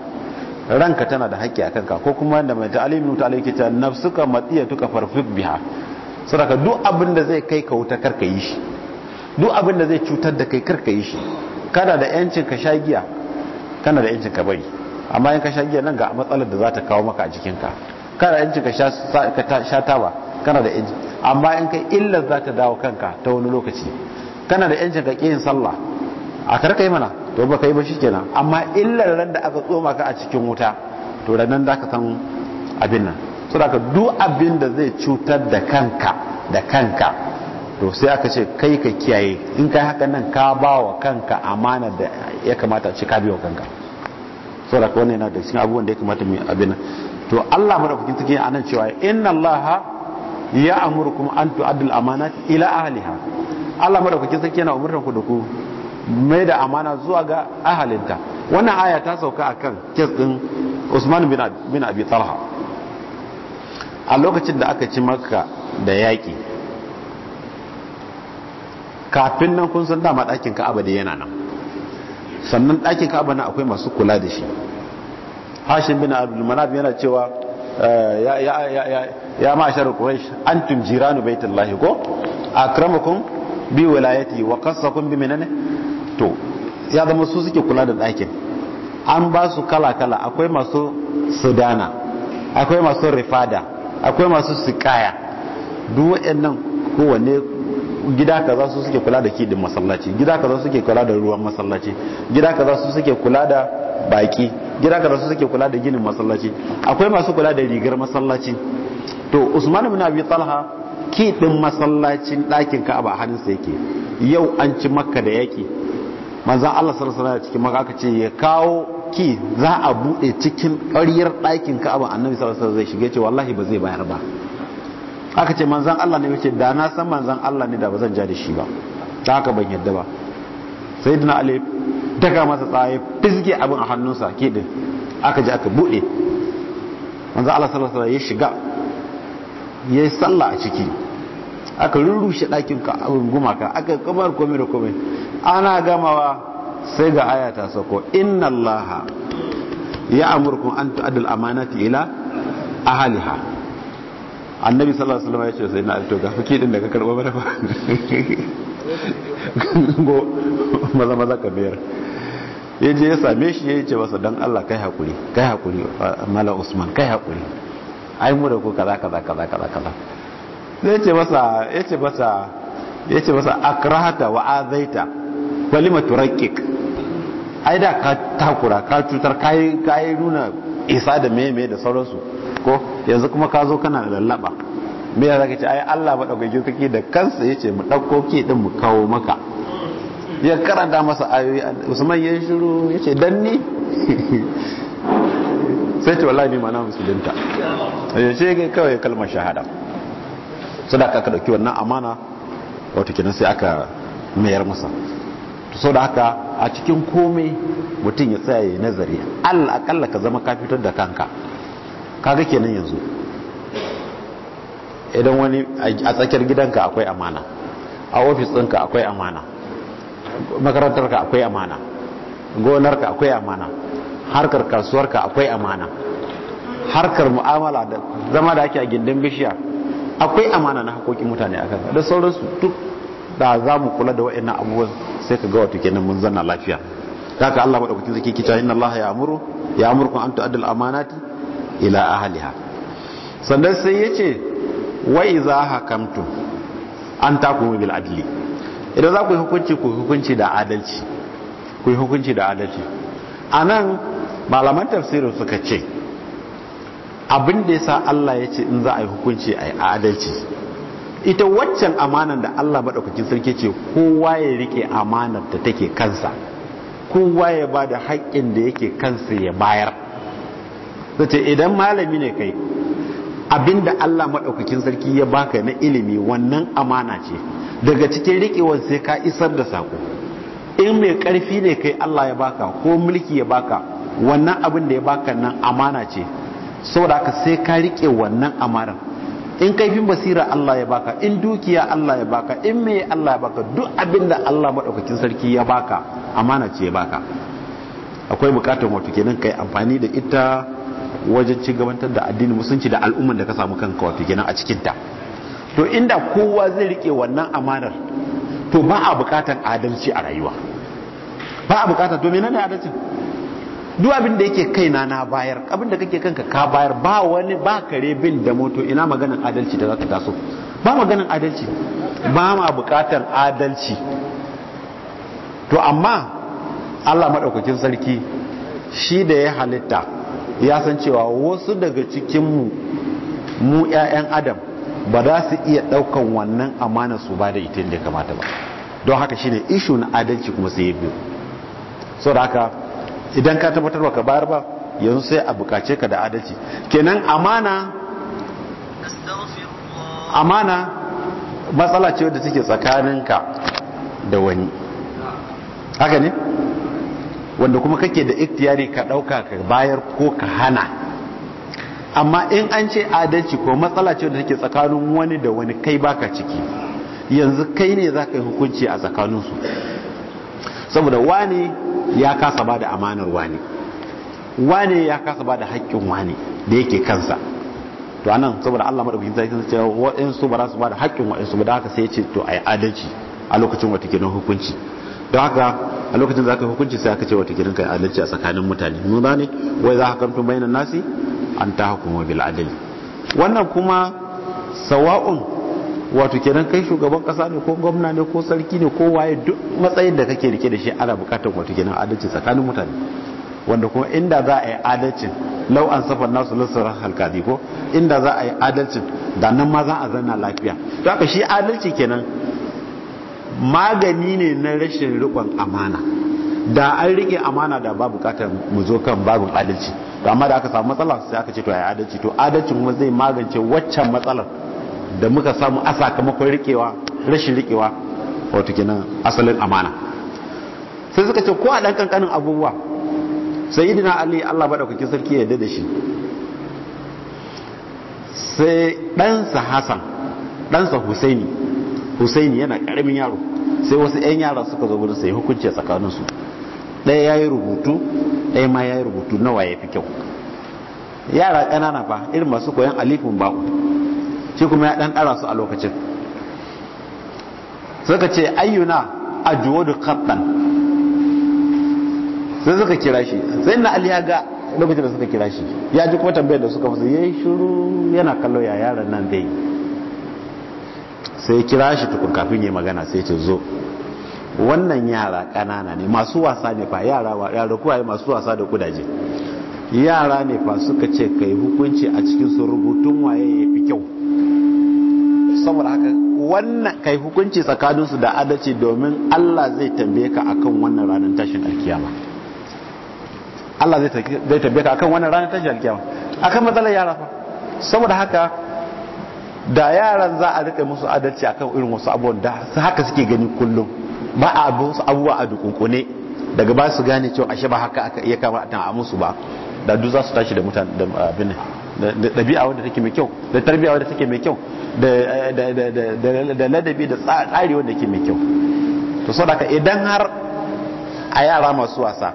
ranka tana da haƙƙi a kanka ko kuma da mai ta'alimin ta alaiki ta nafsuka matsiyatuka farfuk biha saboda duk abin da zai kai ka wuta karka yi shi duk abin da zai cutar da kai karka yi shi kana da yancin ka shagiya kana da yancin ka bari amma in ka shagiya nan ga matsalar da za ta kawo maka a jikinka kana da yancin ka sha taba kana da yancin amma in kai illar za ta dawo kanka ta wani lokaci kana da yancin ka ƙin yin sallah a karka yi mana to ba yi ba shikenan amma illar ran da aka tsoma ka a cikin wuta to ranan da ka san abin nan so da ka du abin da zai cutar da kanka da kanka to sai aka ce kai ka kiyaye in kai haka nan ka ba wa kanka amana da ya kamata ce ka biyo kanka so da wannan yana da cikin abubuwan da ya kamata mu abin nan to Allah madaukakin take anan cewa inna Allah ya amurkum an tu'addul amanat ila ahliha Allah madaukakin sarki yana umurtan ku da ku mai da amana zuwa ga ahalinta wannan aya ta sauka akan kes din Usman bin Abi Talha a lokacin da aka ci maka da yaƙi kafin nan kun san dama ɗakin ka'aba da yana nan sannan ɗakin ka'aba na akwai masu kula da shi hashin bin abdul yana cewa eh, ya ya ya an ya An tun antum jiranu baitullahi ko bi wilayati wa kasakun bi minane to ya zama su suke kula da ɗakin an ba su kala-kala akwai masu sudana akwai masu rifada akwai masu sikaya duk waɗannan kowane gida kaza su suke kula da kidin masallaci gida kaza suke kula da ruwan masallaci gida kaza su suke kula da baki gida kaza su suke kula da ginin masallaci akwai masu kula da rigar masallaci to usman ibn abi talha kidin masallacin ɗakin ka'aba hannunsa yake yau an ci makka da yaki manzan Allah sallallahu ya cikin maka aka ce ya kawo ki za a bude cikin ƙaryar ɗakin Ka'aba annabi sallallahu zai shiga ce wallahi ba zai bayar ba aka ce manzan Allah ne yace da na san manzan Allah ne da ba zan ja da shi ba ta haka ban yadda ba dina Ali daga masa tsaye fizge abin a hannunsa ke din aka ji aka bude manzan Allah sallallahu ya shiga ya shiga yayi sallah a ciki aka rurrushe ɗakin gumaka aka kamar komai da komai ana gamawa sai ga aya ta sako inna allaha ya amurkun an tu'addul amanati ila ha. annabi sallallahu alaihi wasallam ya ce sai na alto ga fiki din daga karba mana (laughs) go maza maza ka biyar ya je ya same shi ya ce masa dan Allah kai hakuri kai hakuri mala usman kai hakuri ai mu da ku kaza kaza kaza kaza kaza sai ce masa masa masa akrahata wa azaita walima turakik ai da ka takura ka cutar kayi nuna isa da meme da sauransu ko yanzu kuma ka zo kana lallaba me ya zaka ce ai Allah madaukakin sarki da kansa mu ɗauko ke ɗin mu kawo maka ya karanta masa ayoyi musamman ya shiru ce dan ni (laughs) sai ce wallahi ne ma na musulunta yace kawai kalmar shahada sadaka aka dauki wannan amana wato kenan sai aka mayar masa to da haka a cikin komai mutum ya tsaye nazari al akalla ka zama kafitar da kanka kaga kenan yanzu idan wani a tsakiyar gidanka akwai amana a ofis ɗinka akwai amana makarantarka akwai amana gonarka akwai amana harkar kasuwarka akwai amana harkar mu'amala da zama da ake a gindin bishiya akwai amana na haƙoƙin mutane a kanka da sauransu duk da za mu kula da wa'in na abubuwan sai ka ga wato kenan mun zanna lafiya kaka Allah madaukakin zaki kita inna Allah ya amuru ya amurkum an amana amanati ila ahliha sannan sai ya wai wa idza hakamtu an takumu bil adli idan za ku yi hukunci ku hukunci da adalci ku yi hukunci da adalci anan malaman tafsirin suka ce abin da ya sa Allah ya ce in za a yi hukunci a yi adalci ita waccan amanar da Allah maɗaukakin sarki ce kowa ya riƙe amanar ta take kansa kowa ya ba da haƙƙin da yake kansa ya bayar zace idan malami ne kai abin da Allah maɗaukakin sarki ya baka na ilimi wannan amana ce daga cikin riƙewar sai ka isar da sako in mai ƙarfi ne kai Allah ya baka ko mulki ya baka wannan abin da ya baka nan amana ce saboda haka sai ka rike wannan amaran in kaifin basira Allah ya baka in dukiya Allah ya baka in mai Allah ya baka duk abinda Allah maɗaukakin sarki ya baka amana ce ya baka akwai bukatar wato kenan kai amfani da ita wajen ci gabatar da addinin musulunci da al'umman da ka samu kanka wato kenan a cikin ta to inda kowa zai rike wannan amanar to ba a bukatar adalci a rayuwa ba a bukatar to menene adalcin duk abin da yake kai na bayar abin da kake kanka ka bayar ba wani ba kare bin da moto ina maganin adalci da za ta taso ba maganin adalci ba ma bukatar adalci to amma Allah maɗaukakin sarki shi da ya halitta ya san cewa wasu daga cikinmu mu 'ya'yan adam ba za su iya ɗaukan wannan amana su ba da ita da kamata ba don haka shine ishu na adalci kuma sai ya biyu so da haka idan ka tabbatar ka bayar ba yanzu sai a bukace ka da adalci kenan amana amana matsala ce wadda take tsakaninka da wani haka ne wanda kuma kake da iktiyari ka dauka ka bayar ko ka hana amma in an ce adalci ko matsala ce wadda take tsakanin wani da wani kai baka ciki yanzu kai ne za ka yi hukunci a tsakaninsu saboda wani ya kasa ba da amanar wani wani ya kasa ba da haƙƙin wani da yake kansa to anan saboda Allah madaukakin sarki sai waɗansu ba za su ba da haƙƙin waɗansu ba da haka sai ya ce to ai adalci a lokacin wata gidan hukunci don haka a lokacin za ka hukunci sai aka ce wata gidan kai adalci a tsakanin mutane mun zane wai za ka kamtu bayanan nasi an ta hukuma bil adli wannan kuma sawa'un wato kenan kai shugaban kasa ne ko gwamna ne ko sarki ne ko waye duk matsayin da kake rike da shi ana bukatar wato kenan adalci tsakanin mutane wanda kuma inda za a yi adalcin lau an safar nasu lissarar halkazi ko inda za a yi adalcin da nan ma za a zanna lafiya to haka shi adalci kenan magani ne na rashin riƙon amana da an rike amana da ba bukatar mu zo kan babu adalci to amma da aka samu matsala sai aka ce to ai adalci to adalcin kuma zai magance waccan matsalar da muka samu a sakamakon rikewa rashin rikewa wato kenan asalin amana sai suka ce ko a dan kankanin abubuwa sai idina ali Allah madaukakin sarki ya yarda da shi sai ɗansa Hassan ɗansa Husaini Husaini yana ƙaramin yaro sai wasu 'yan yara suka zo wurin sai hukunci tsakaninsu ɗaya ya yi rubutu ɗaya ma ya yi rubutu nawa ya fi kyau yara ƙanana fa irin masu koyan alifin ba'u shi kuma ya dan dara su a lokacin suka ce ayyuna ajwadu kaɗan sai suka kira shi sai na ali ya ga lokacin da suka kira shi ya ji kuma tambayar da suka ya yayi shuru yana kallo ya yaran nan dai sai kira shi tukun kafin yi magana sai ce zo wannan yara ƙanana ne masu wasa ne fa yara wa yara kuwa masu wasa da kudaje yara ne fa suka ce kai hukunci a cikin su rubutun waye ya fi kyau saboda haka wannan kai hukunci tsakaninsu da adalci domin Allah zai tambaye ka akan wannan ranar tashin alkiyama Allah zai tambaye ka akan wannan ranar tashin alkiyama akan matsalar yara fa saboda haka da yaran za a rike musu adalci akan irin wasu abubuwan da su haka suke gani kullum ba a abu wasu abubuwa a dukunkune daga ba su gane cewa ashe ba haka aka iya kama a musu ba da duk za su tashi da mutane da abin da ɗabi'a wanda take mai kyau da tarbiyya wanda take mai kyau da ladabi da tsari wanda ke mai kyau to sadaka idan har a yara masu wasa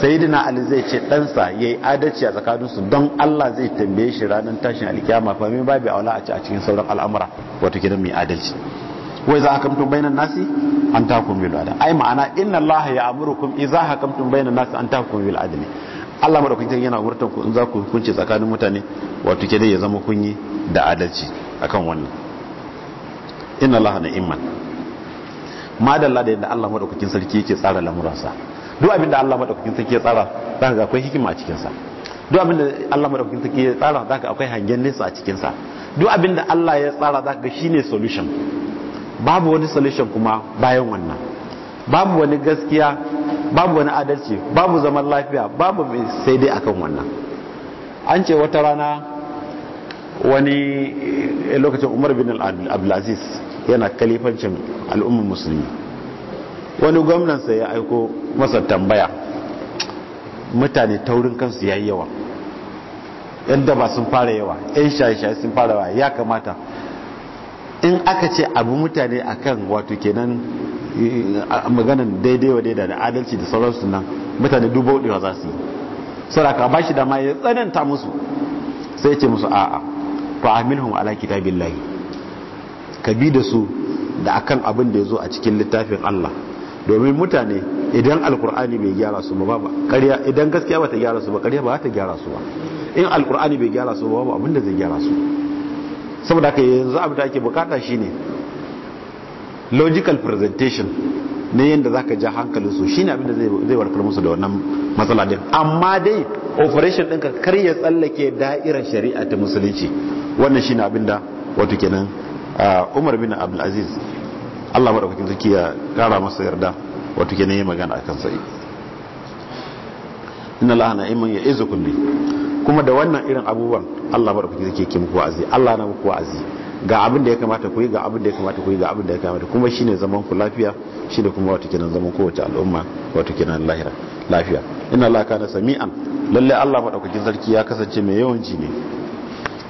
sayyidina ali zai ce ɗansa ya yi adalci a tsakaninsu don allah zai tambaye shi ranar tashin alkiyama fa min babu aula a ci a cikin sauran al'amura wato gidan mai adalci wai za a kamtun bainan nasi an takun bil adal ai ma'ana inna allaha ya amurukum idza hakamtum bainan nasi an takun bil adal Allah madaukakin yana wurtan ku in za ku hukunci tsakanin mutane wato ke dai ya zama kunyi da adalci akan wannan inna allaha iman ma da yadda Allah madaukakin sarki yake tsara lamuransa duk abin da Allah madaukakin sarki ya tsara zaka ga akwai hikima a cikin sa duk abin da Allah madaukakin sarki ya tsara zaka akwai hangen nesa a cikin sa duk abin da Allah ya tsara zaka ga shine solution babu wani solution kuma bayan wannan babu wani gaskiya babu wani adalci babu zaman lafiya babu sai dai akan wannan an ce wata rana wani eh, lokacin umar bin abdulaziz yana kalifancin al'ummar musulmi wani gwamnansa ya aiko masa tambaya mutane taurin kansu ya yi yawa yadda ba sun fara yawa yan shaye-shaye sun fara yawa ya kamata in aka ce abu mutane akan wato kenan eh, maganan daidai wa daidai da adalci da sauransu nan mutane duba wadewa za su yi sauraka ba shi dama ya tsananta musu sai ce musu a'a fa minhum ala kitabillahi ka bi da su da akan abin da yazo a cikin littafin Allah domin mutane idan alqur'ani bai gyara su ba ba ƙarya idan gaskiya ba gyara su ba ƙarya ba ta gyara su ba in alkur'ani bai gyara su ba ba abin da zai gyara su saboda haka yanzu abin da ake bukata shine logical presentation ne yanda zaka ja hankalin su shine abin da zai warkar musu da wannan matsala din amma dai operation ɗinka kar ya tsallake da'irar shari'a ta musulunci wannan shine abin da wato kenan Umar bin Abdul Aziz Allah madaukakin sarki ya kara masa yarda wato kenan ya magana akan sai inna Allah na iman ya izu kulli kuma da wannan irin abubuwan Allah madaukakin sarki yake muku azi Allah na muku azi ga abin da ya kamata ku yi ga abin da ya kamata ku yi ga abin da ya kamata kuma shine zaman ku lafiya shi da kuma wato kenan zaman kowace al'umma wato kenan lahira lafiya inna Allah kana sami'an lalle Allah madaukakin sarki ya kasance mai yawanci ne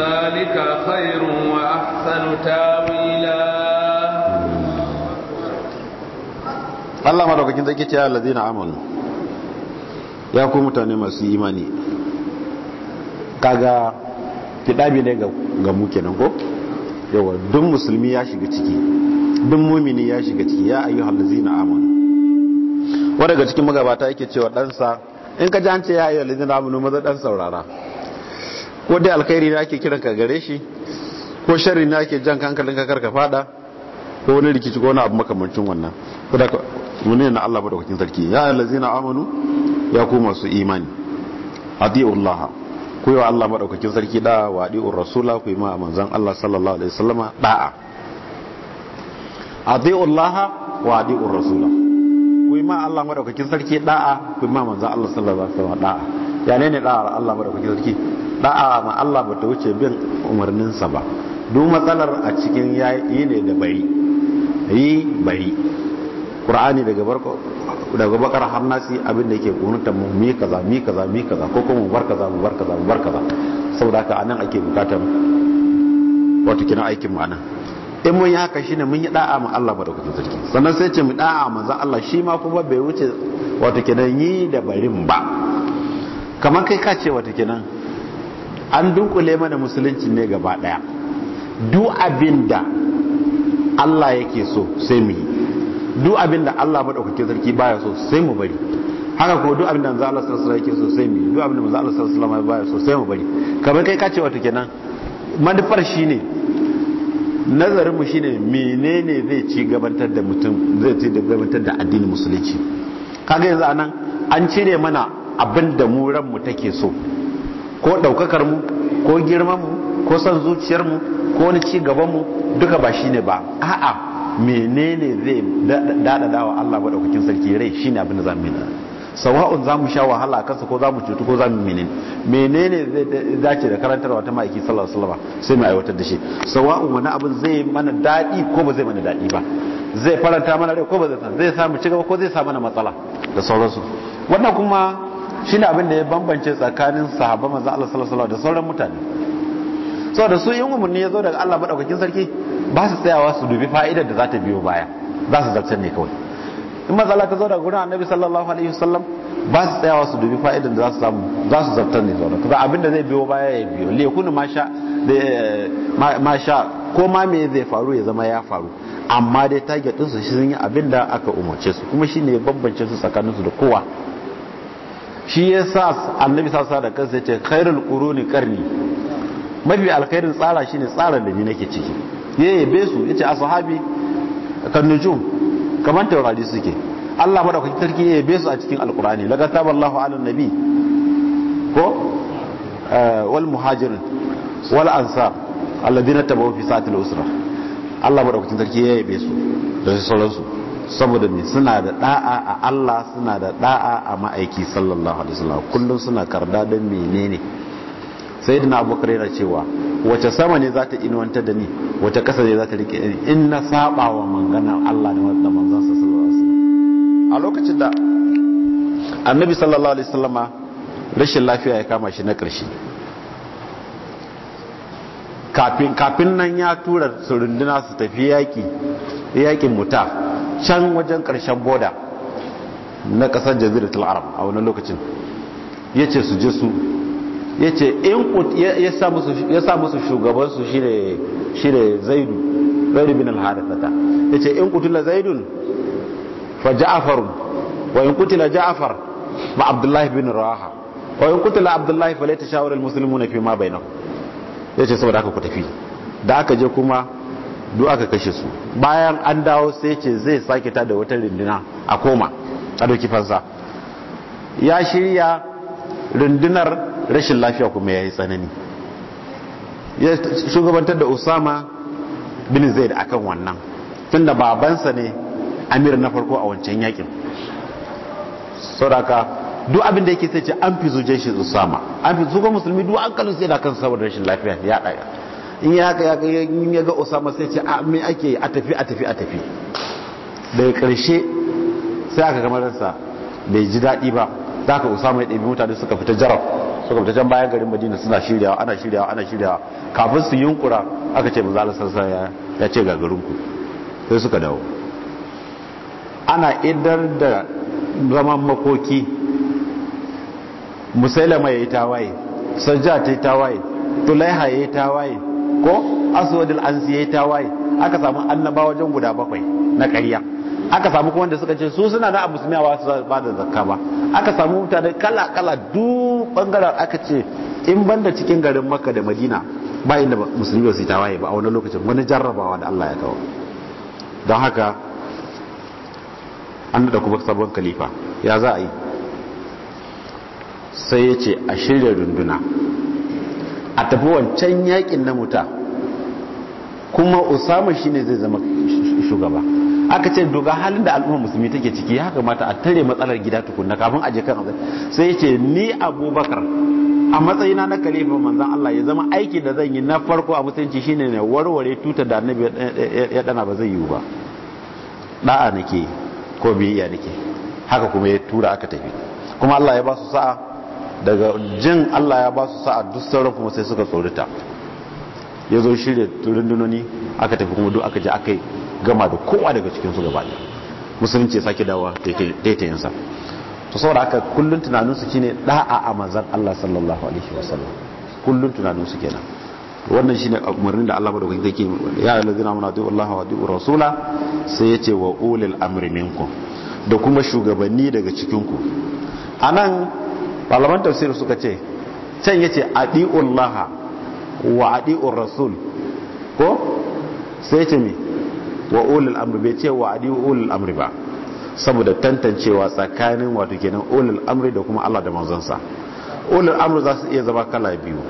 ذلك خير وأحسن تاويلا Allah madaukakin zai ce allazina amanu ya ku mutane masu imani kaga kidabi ne ga mu kenan ko yawa duk musulmi ya shiga ciki duk mumini ya shiga ciki ya ayyuhal ladzina amanu wa daga cikin magabata yake cewa dan sa in ka ji an ce ya ayyuhal ladzina amanu maza dan saurara ko dai alkhairi na ake kiran ka gare shi ko sharri na ake jan hankalin ka karka fada ko wani rikici ko wani abu makamancin wannan saboda mune na Allah madaukakin sarki ya allazina amanu ya ku masu imani adiu Allah ku yi wa Allah madaukakin sarki da wa adiu rasula ku yi ma manzan Allah sallallahu alaihi wasallama da'a adiu Allah wa adiu rasula ku yi ma Allah madaukakin sarki da'a ku yi ma manzan Allah sallallahu alaihi wasallama da'a ya ne ne da'ar Allah madaukakin sarki da'a ma Allah bata wuce bin umarninsa ba duk matsalar a cikin yi ne da bari yi bari qur'ani daga barko daga bakar har nasi abin da yake kununta mu mi kaza mi kaza mi kaza ko kuma mu bar kaza mu bar kaza mu bar kaza saboda ka anan ake bukatar wato kina aikin mu anan in mun yi haka shine mun yi da'a ma Allah ba da kuma sarki sannan sai ce mu da'a manzon Allah shi ma kuma bai wuce wato kenan yi da barin ba kamar kai ka ce wato kenan an dunkule mana musulunci ne gaba daya duk abinda Allah yake so sai mu yi duk abinda Allah madaukakin sarki baya so sai mu bari haka ko duk abinda manzo Allah sallallahu alaihi wasallam yake so sai mu yi duk abinda manzo Allah sallallahu alaihi wasallam baya so sai mu bari kamar kai ka ce wato kenan manufar shine nazarin mu shine menene zai ci gabatar da mutum zai ci gabatar da addinin musulunci kaga yanzu anan an cire mana abin da mu ranmu take so ko daukakar mu ko girman mu ko son zuciyar mu ko wani ci gaban mu duka ba shine ba a'a menene zai dada wa Allah daukakin sarki rai shine abin da zamu yi sawa'un zamu sha wahala a kansa ko zamu cutu ko zamu menene menene zai dace da karantarwa ta ma'aiki sallallahu alaihi wasallam sai mu aiwatar da shi sawa'un wani abin zai mana dadi ko ba zai mana dadi ba zai faranta mana rai ko ba zai zai samu cigaba ko zai samu mana matsala da sauransu wannan kuma shine abin da ya bambance tsakanin sahaba Maza Allah sallallahu alaihi da sauran mutane da su yin umarni ya zo daga Allah madaukakin sarki ba su tsayawa su dubi fa'idar da za ta biyo baya za su zartar ne kawai in maza Allah ta zo daga gurin annabi sallallahu alaihi wasallam ba su tsayawa su dubi fa'idar da za su samu za su zartar ne zaune kuma abin da zai biyo baya ya biyo le masha ma sha ko ma me zai faru ya zama ya faru amma dai target din shi sun yi abin da aka umarce su kuma ne bambance su tsakanin su da kowa shi ya sa annabi sassa da kansa ya ce khairul quruni qarni mafi alkhairin tsara shine tsaran da ni nake ciki ya besu su ya ashabi kan nujum kaman taurari suke Allah madaukakin sarki ya besu su a cikin alqur'ani laqad taballahu ala nabi ko eh, wal muhajirin wal ansar alladhina tabawu fi al usra Allah madaukakin sarki ya besu su da sauransu saboda me suna da da'a a Allah suna da da'a a ma'aiki sallallahu alaihi wasallam kullum suna karda don menene sai dina abu karera cewa wace sama ne za ta inuwanta da ni wace kasa ne za ta rike ni in na saba wa manganan Allah da wanda manzon sa sallallahu alaihi wasallam a lokacin da annabi sallallahu alaihi wasallama rashin lafiya ya kama shi na karshe kafin nan ya tura surunduna su tafi yaƙi yaƙin muta can wajen karshen boda na kasar jazirar arab a wani lokacin ya ce su je su ya ce ya sa musu shugabansu shi ne zaidu zaidu bin al ya ce in kutula zaidun fa ja'afarun wa in kutula ja'afar ma abdullahi bin rawaha wa in kutula abdullahi fa shawarar musulmi na fi ma bai bainahu ya ce saboda haka ku tafi da aka je kuma duk aka kashe su bayan an dawo sai ce zai sake ta da wata rinduna a koma a doki fansa ya shirya rundunar rashin lafiya kuma ya yi tsanani ya shugabantar da usama bin zaid akan wannan tun da babansa ne amir na farko a wancan yakin sauraka duk abin da yake sai ce an fi zuje shi usama an fi zuga musulmi duk an kalin sai da kan saboda rashin lafiya ya ɗaya in ya haka ya ga ga Osama sai ce a mai ake a tafi a tafi a tafi daga karshe sai aka kamar ransa bai ji daɗi ba za ka Osama ya ɗabi mutane suka fita jarab suka fita can bayan garin Madina suna shiryawa ana shiryawa ana shiryawa kafin su yunkura aka ce manzo sassa ya ce ga garinku sai suka dawo ana idar da zaman makoki musailama ya yi tawaye sajja ta yi tawaye tulaiha ya yi tawaye ko aswadul ansi yayi tawaye aka samu annaba wajen guda bakwai na ƙarya aka samu kuma wanda suka ce su suna na musulmiyawa su ba da zakka ba aka samu mutane kala kala duk bangaren aka ce in banda cikin garin makka da madina ba inda musulmi ba su tawaye ba a wani lokacin wani jarrabawa da allah ya kawo don haka an da kuma sabon khalifa ya za a yi sai ya ce a shirya runduna a tafi wancan yakin na muta kuma usama shine zai zama shugaba aka ce doga halin da alumma musulmi take ciki ya kamata a tare matsalar gida na kafin a kan abu. sai ya ce ni abubakar a matsayina na kalifa manzan Allah ya zama aiki da zan yi na farko a musulunci shine ne warware tutar da annabi ya dana ba zai yiwu ba da'a nake ko biyayya nake haka kuma ya tura aka tafi kuma Allah ya ba su sa'a daga jin Allah ya ba su sa'a duk sauran kuma sai suka tsorita ya zo shirya rundunoni aka tafi kuma duk aka ji aka gama da kowa daga cikin gaba da musulunci ya sake dawa taitayensa to saboda aka kullum tunaninsu su shine da'a a manzon Allah sallallahu alaihi wasallam kullum tunaninsu su kenan wannan shine umarnin da Allah madaukakin yake ya allazina mana tu Allah wa tu rasula sai yace wa ulil amri minkum da kuma shugabanni daga cikin ku anan malaman tafsir suka ce can yace laha wa adi'un rasul ko sai ce me wa ulul amri bai ce wa adi'u ulul amri ba saboda tantancewa tsakanin wato kenan ulul amri da kuma Allah da manzansa ulul amri za su iya zama kala biyu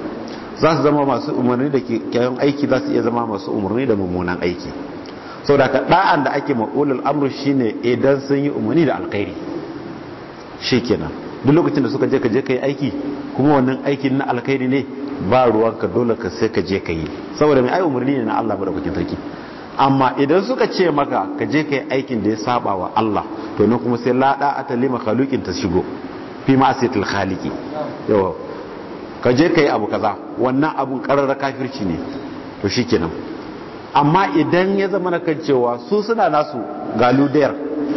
za su zama masu umarni da kyakkyawan aiki za su iya zama masu umarni da mummunan aiki sau da da'an da ake ma ulul amri shine idan sun yi umarni da alkhairi shikenan duk lokacin da suka je ka je ka yi aiki kuma wannan aikin na alkhairi ne ba ruwanka dole ka sai ka je ka yi saboda mai ai umarni ne na Allah madaukakin sarki amma idan suka ce maka ka je ka yi aikin da ya saba wa Allah to ne kuma sai lada a lima khaliqin ta shigo fi ma'asiyatil khaliqi yawa ka je ka yi abu kaza wannan abun karara kafirci ne to shikenan amma idan ya zama na kan cewa su suna nasu galudayar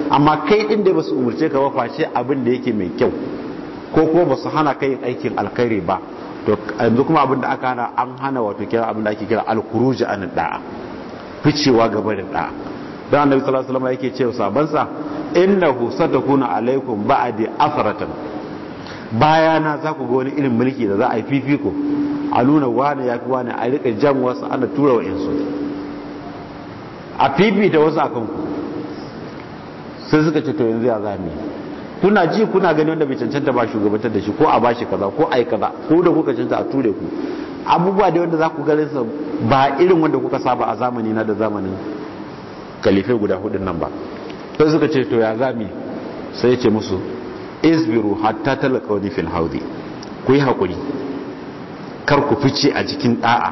amma kai ɗin da ba su umarce ka ba face abin da yake mai kyau ko kuma ba su hana kai aikin alkhairi ba to yanzu kuma abin da aka hana an hana wato kira abin da ake kira alkhuruj an da'a ficewa ga barin da'a dan annabi sallallahu alaihi wasallam yake cewa saban sa innahu satakuna alaikum ba'di afratan bayana za ku ga wani irin mulki da za a yi fifiko a nuna wani ya fi wani a rika jan wasu ana tura wa yansu a fifita wasu a kanku sai suka ce to yanzu ya zame. kuna ji kuna gani wanda bai cancanta ba shugabantar da shi ko a bashi kaza ko a yi kaza ko da kuka cancanta a ture ku abubuwa da wanda za ku gare su ba irin wanda kuka saba a zamani na da zamanin kalife guda hudun nan ba sai suka ce to ya zami sai ya ce musu isbiru hatta talaka wani fil haudi ku yi haƙuri kar ku fice a cikin ɗa'a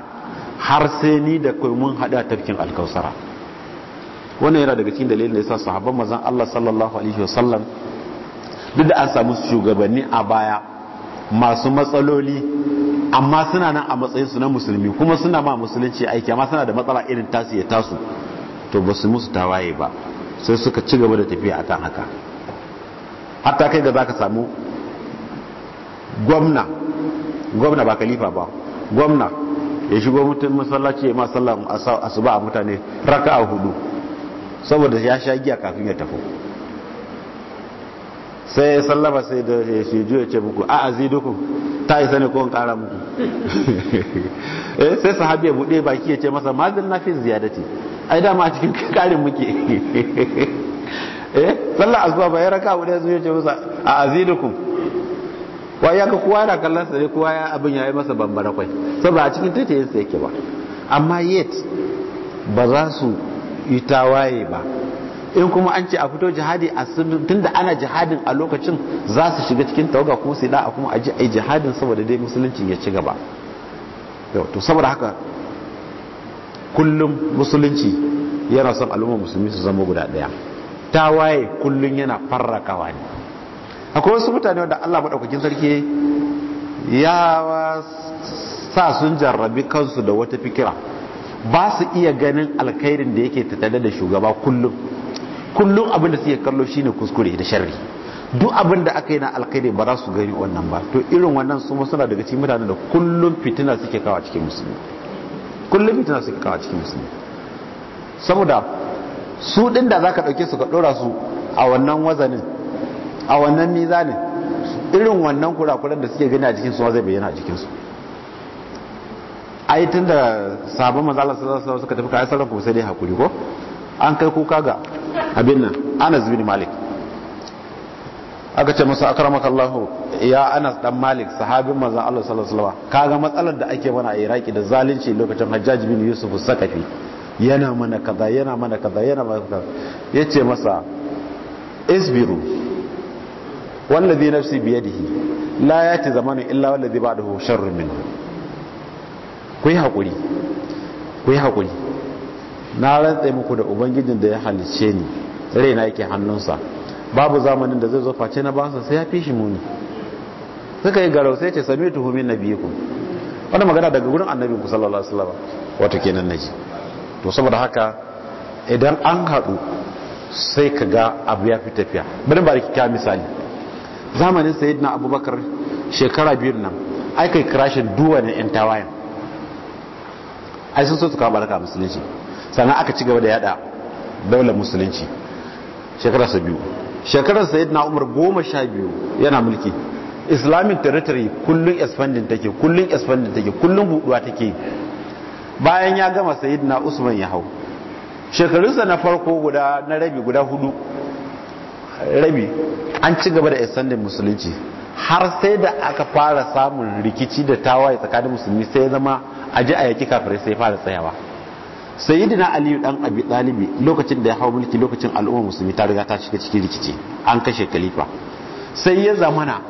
har sai ni da kai mun haɗa tafkin alkausara wannan yana daga cikin dalilin da yasa sahabban mazan Allah sallallahu alaihi wasallam duk da an samu shugabanni a baya masu matsaloli amma suna nan a matsayin su na musulmi kuma suna ma musulunci aiki amma suna da matsala irin tasu ya tasu to ba su musu tawaye ba sai suka ci gaba da tafiya akan haka hatta kai da ka samu gwamna gwamna ba kalifa ba gwamna ya shigo mutum masallaci ya asuba a mutane raka a hudu saboda ya sha giya kafin ya tafi sai ya sallama sai da shi ya ce muku a aziduku ta isa ne ko in kara muku (laughs) eh, sai sahabi ya buɗe baki ya ce masa mazin na fi ziyadati ai dama a cikin karin (laughs) muke (laughs) eh, sallar asuba ba raka raka bude zuwa ce musa a aziduku wa ya ka kowa na kallon sa ne kowa ya abin ya yi masa bambara kwai saboda a cikin taitayin sa yake ba amma yet ba za su yi tawaye ba in kuma an ce a fito jihadi a tunda ana jihadin a lokacin za su shiga cikin tawaga kuma sai da'a kuma a ji a jihadin saboda dai musulunci ya ci gaba to saboda haka kullum musulunci yana son al'umma musulmi su zama guda daya tawaye kullum yana farrakawa ne akwai wasu mutane wanda Allah maɗaukakin sarki ya sa sun jarrabi kansu da wata fikira ba su iya ganin alkhairin da yake tattale da shugaba kullum kullum abin da suke kallo shine kuskure da sharri duk abin da aka yi na alkhairi ba za su gani wannan ba to irin wannan su ma suna daga cikin mutanen da kullum fitina suke kawo cikin musulmi kullum fitina suke kawo cikin musulmi saboda su din da zaka dauke su ka dora su a wannan wazanin a wannan mizanin irin wannan kurakuran da suke gani a jikin su ma zai bayyana a jikin su ai tunda sabon manzo Allah sallallahu alaihi wasallam suka tafi kai sallar ku sai dai hakuri ko an kai kuka ga abin nan anas bin malik aka ce masa akramaka Allahu ya Anas dan Malik sahabin manzon Allah sallallahu alaihi wasallam kaga matsalar da ake mana a Iraki da zalunci lokacin Hajjaj bin Yusuf Sakafi yana mana kaza yana mana kaza yana mana kaza yace masa isbiru wallazi nafsi bi yadihi la yati zamanu illa wallazi ba'dahu sharrun minhu ku yi hakuri ku yi hakuri na rantse muku da ubangijin da ya halice ni raina yake hannunsa babu zamanin da zai zo face na ba sai ya fishi muni suka yi garau sai ce sami tuhumin na biyu wani magana daga wurin annabi ku sallallahu alaihi wasallam wato kenan naji to saboda haka idan an haɗu sai ka ga abu ya fi tafiya bari ba ki kya misali zamanin sayyidina abubakar shekara biyu nan ai kai kirashin duwa ne yan tawayen ai sun so su musulunci sannan aka ci gaba da yada daular musulunci shekararsa biyu shekarar na umar goma sha biyu yana mulki islamic territory kullum expanding take kullum expanding take kullum buduwa take bayan ya gama sayyidina usman ya hau shekarunsa na farko guda na rabi guda hudu rabi an ci gaba da expanding musulunci har sai da aka fara samun rikici da tawaye tsakanin musulmi sai zama a ji a yaki kafirai sai fara tsayawa sayyidina ali dan abi talibi lokacin da ya hawo mulki lokacin al'umma musulmi ta riga ta shiga cikin rikici an kashe khalifa sai ya zamana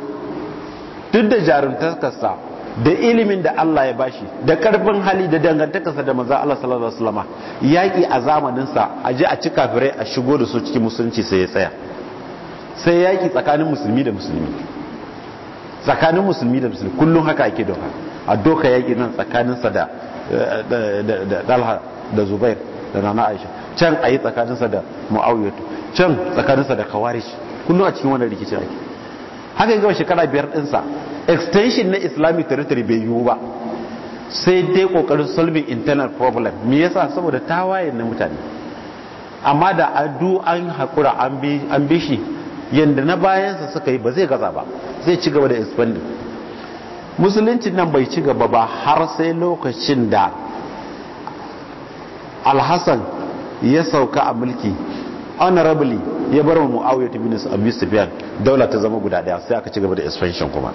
duk da sa da ilimin da Allah ya bashi da karfin hali da dangantakarsa da manzo Allah sallallahu alaihi wasallam yaki a zamanin sa a je a ci kafirai a shigo da su cikin musulunci sai ya tsaya sai yaki tsakanin musulmi da musulmi tsakanin musulmi da musulmi kullun haka ake doka a doka yaki nan tsakanin sa eh, da da da zubair da nana aisha can a yi tsakaninsa da mu'awiyatu can tsakaninsa da kawarish kullum a cikin wannan rikicin ake haka gaba shekara biyar ɗinsa extension na islamic territory bai yiwu ba sai dai kokarin solving internal problem me yasa saboda tawaye na mutane amma da adu an haƙura an bi shi yadda na bayansa suka yi ba zai gaza ba zai ci gaba da expanding musuluncin nan bai ci gaba ba har sai lokacin da alhassan ya sauka a mulki honorably ya bar wa mu'awiyar ta binus abu sufyan daula ta zama guda daya sai aka ci gaba da expansion kuma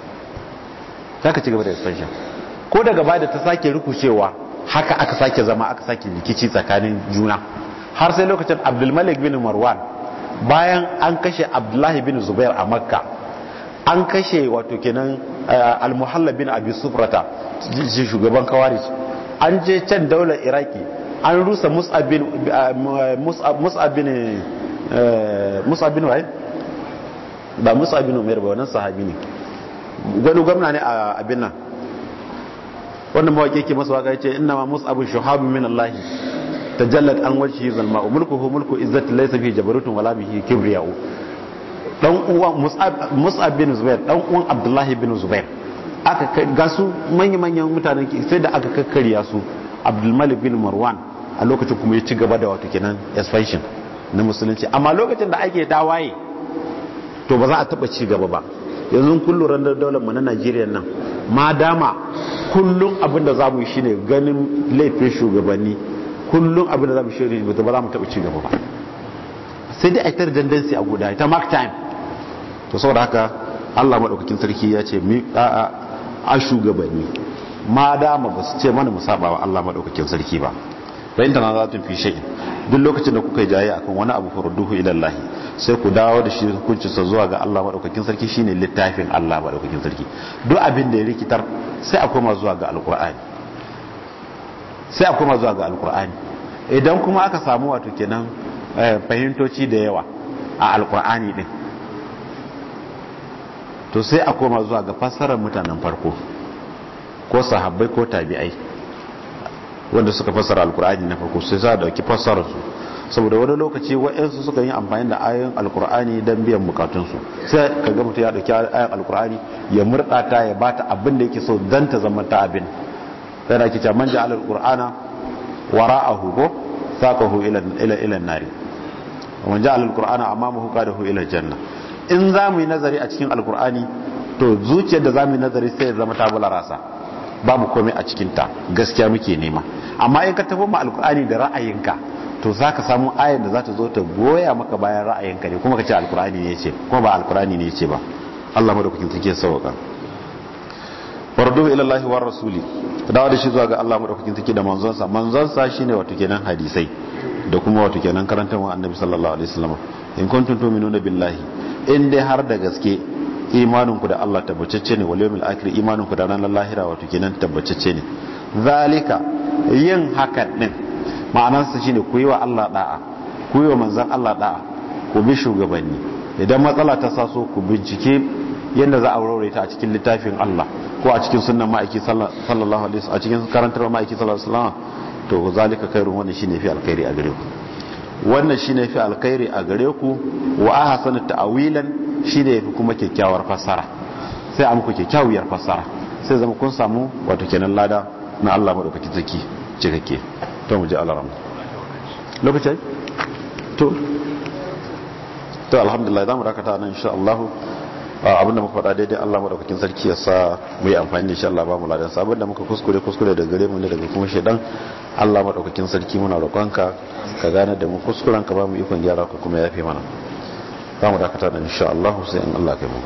sai aka ci gaba da expansion ko daga baya da ta sake rukushewa haka aka sake zama aka sake rikici tsakanin juna har sai lokacin abdulmalik bin marwan bayan an kashe abdullahi bin zubair a makka an kashe wato kenan eh, almuhalla bin abi sufrata shugaban kawaris an je can daular iraki an rusa mus'abin uh, mus'abin mus'abin uh, ba mus'abin umar ba wannan sahabi ne wani gwamna ne a abin nan wannan mawaƙi ke masu waka ce ina ma mus'abin shahabu min Allah tajallat an wajhi zalma mulkuhu mulku izzat laisa fi jabarutun wala bihi kibriya dan uwan mus'ab bin zubair dan uwan abdullahi bin zubair aka ga su manya-manyan mutanen sai da aka kakkarya su abdulmalik bin marwan a lokacin kuma ya ci gaba da wato kenan expansion na musulunci amma lokacin da ake tawaye to ba za a taba ci gaba ba yanzu kun ranar da daular mu na Najeriya nan ma dama kullum abin da zamu yi shine ganin laifin shugabanni kullum abin da zamu shirye ba za mu taba ci gaba ba sai dai a tar dandansi a guda ta mark time to saboda haka Allah madaukakin sarki ya ce mi a a shugabanni ma dama ba su ce mana mu saba Allah madaukakin sarki ba fa in tun fi shay'in duk lokacin da kuka jaye akan wani abu faru ila Allah sai ku dawo da shi hukuncin sa zuwa ga Allah madaukakin sarki shine littafin Allah madaukakin sarki duk abin da ya rikitar sai a koma zuwa ga alqur'ani sai a koma zuwa ga alqur'ani idan kuma aka samu wato kenan eh, fahimtoci da yawa a alqur'ani din to sai a koma zuwa ga fassarar mutanen farko ko sahabbai ko tabi'ai wanda suka fassara alkur'ani na farko sai za a dauki fassarar su saboda wani lokaci wa'yansu suka yi amfani da ayoyin alkur'ani don biyan bukatunsu sai ka ga mutum ya dauki ayoyin alkur'ani ya murɗa ta ya bata abin da yake so don ta zama ta abin yana ke ce manja alal qur'ana wara'ahu ko sakahu ila ila ila nari manja alal qur'ana amamahu qadahu ila janna in za mu yi nazari a cikin alkur'ani to zuciyar da za mu yi nazari sai ya zama ta rasa. babu komai a cikinta gaskiya muke nema amma in ka tafi ma alkur'ani da ra'ayinka to za ka samu ayin da za ta zo ta goya maka bayan ra'ayinka ne kuma ka ce alkur'ani ne ce kuma ba alkur'ani ne ce ba Allah da sarki take sauka fardu ila Allah wa rasuli da da shi zuwa ga Allah madaukakin take da manzonsa manzonsa shine wato kenan hadisai da kuma wato kenan karantar wa annabi sallallahu alaihi wasallam in kuntum tu'minuna billahi in dai har da gaske imanin ku da Allah tabbatacce ne wal yawmil akhir imanin ku da ranar lahira wato kenan tabbatacce ne zalika yin haka din ma'anar sa shine ku yi wa Allah da'a ku yi wa manzon Allah da'a ku bi shugabanni idan matsala ta saso ku bincike yadda za a warware ta a cikin littafin Allah ko a cikin sunnan ma'aiki sallallahu alaihi wasallam a cikin karantar ma'aiki sallallahu alaihi wasallam to zalika khairun wannan shine fi alkhairi a gare ku wannan shi ne fi alkhairi a gare ku wa a ta'awilan shi ne fi kuma kyakkyawar fassara sai a muku kyakkyawar fassara sai zama kun samu wato kenan lada na Allah madaukakin zaki cikakke to mu ji alaram lokacin to to alhamdulillah zamu dakata nan insha Allah abinda muka faɗa daidai Allah madaukakin sarki ya sa muyi amfani da shi Allah ba mu ladan sabon da muka kuskure kuskure da gare mu ne daga kuma shedan Allah madaukakin sarki muna roƙonka ka gane da mu kuskuren ka ba mu ikon gyara ka kuma yafe mana za mu dakata da insha Allah sai in Allah kai mu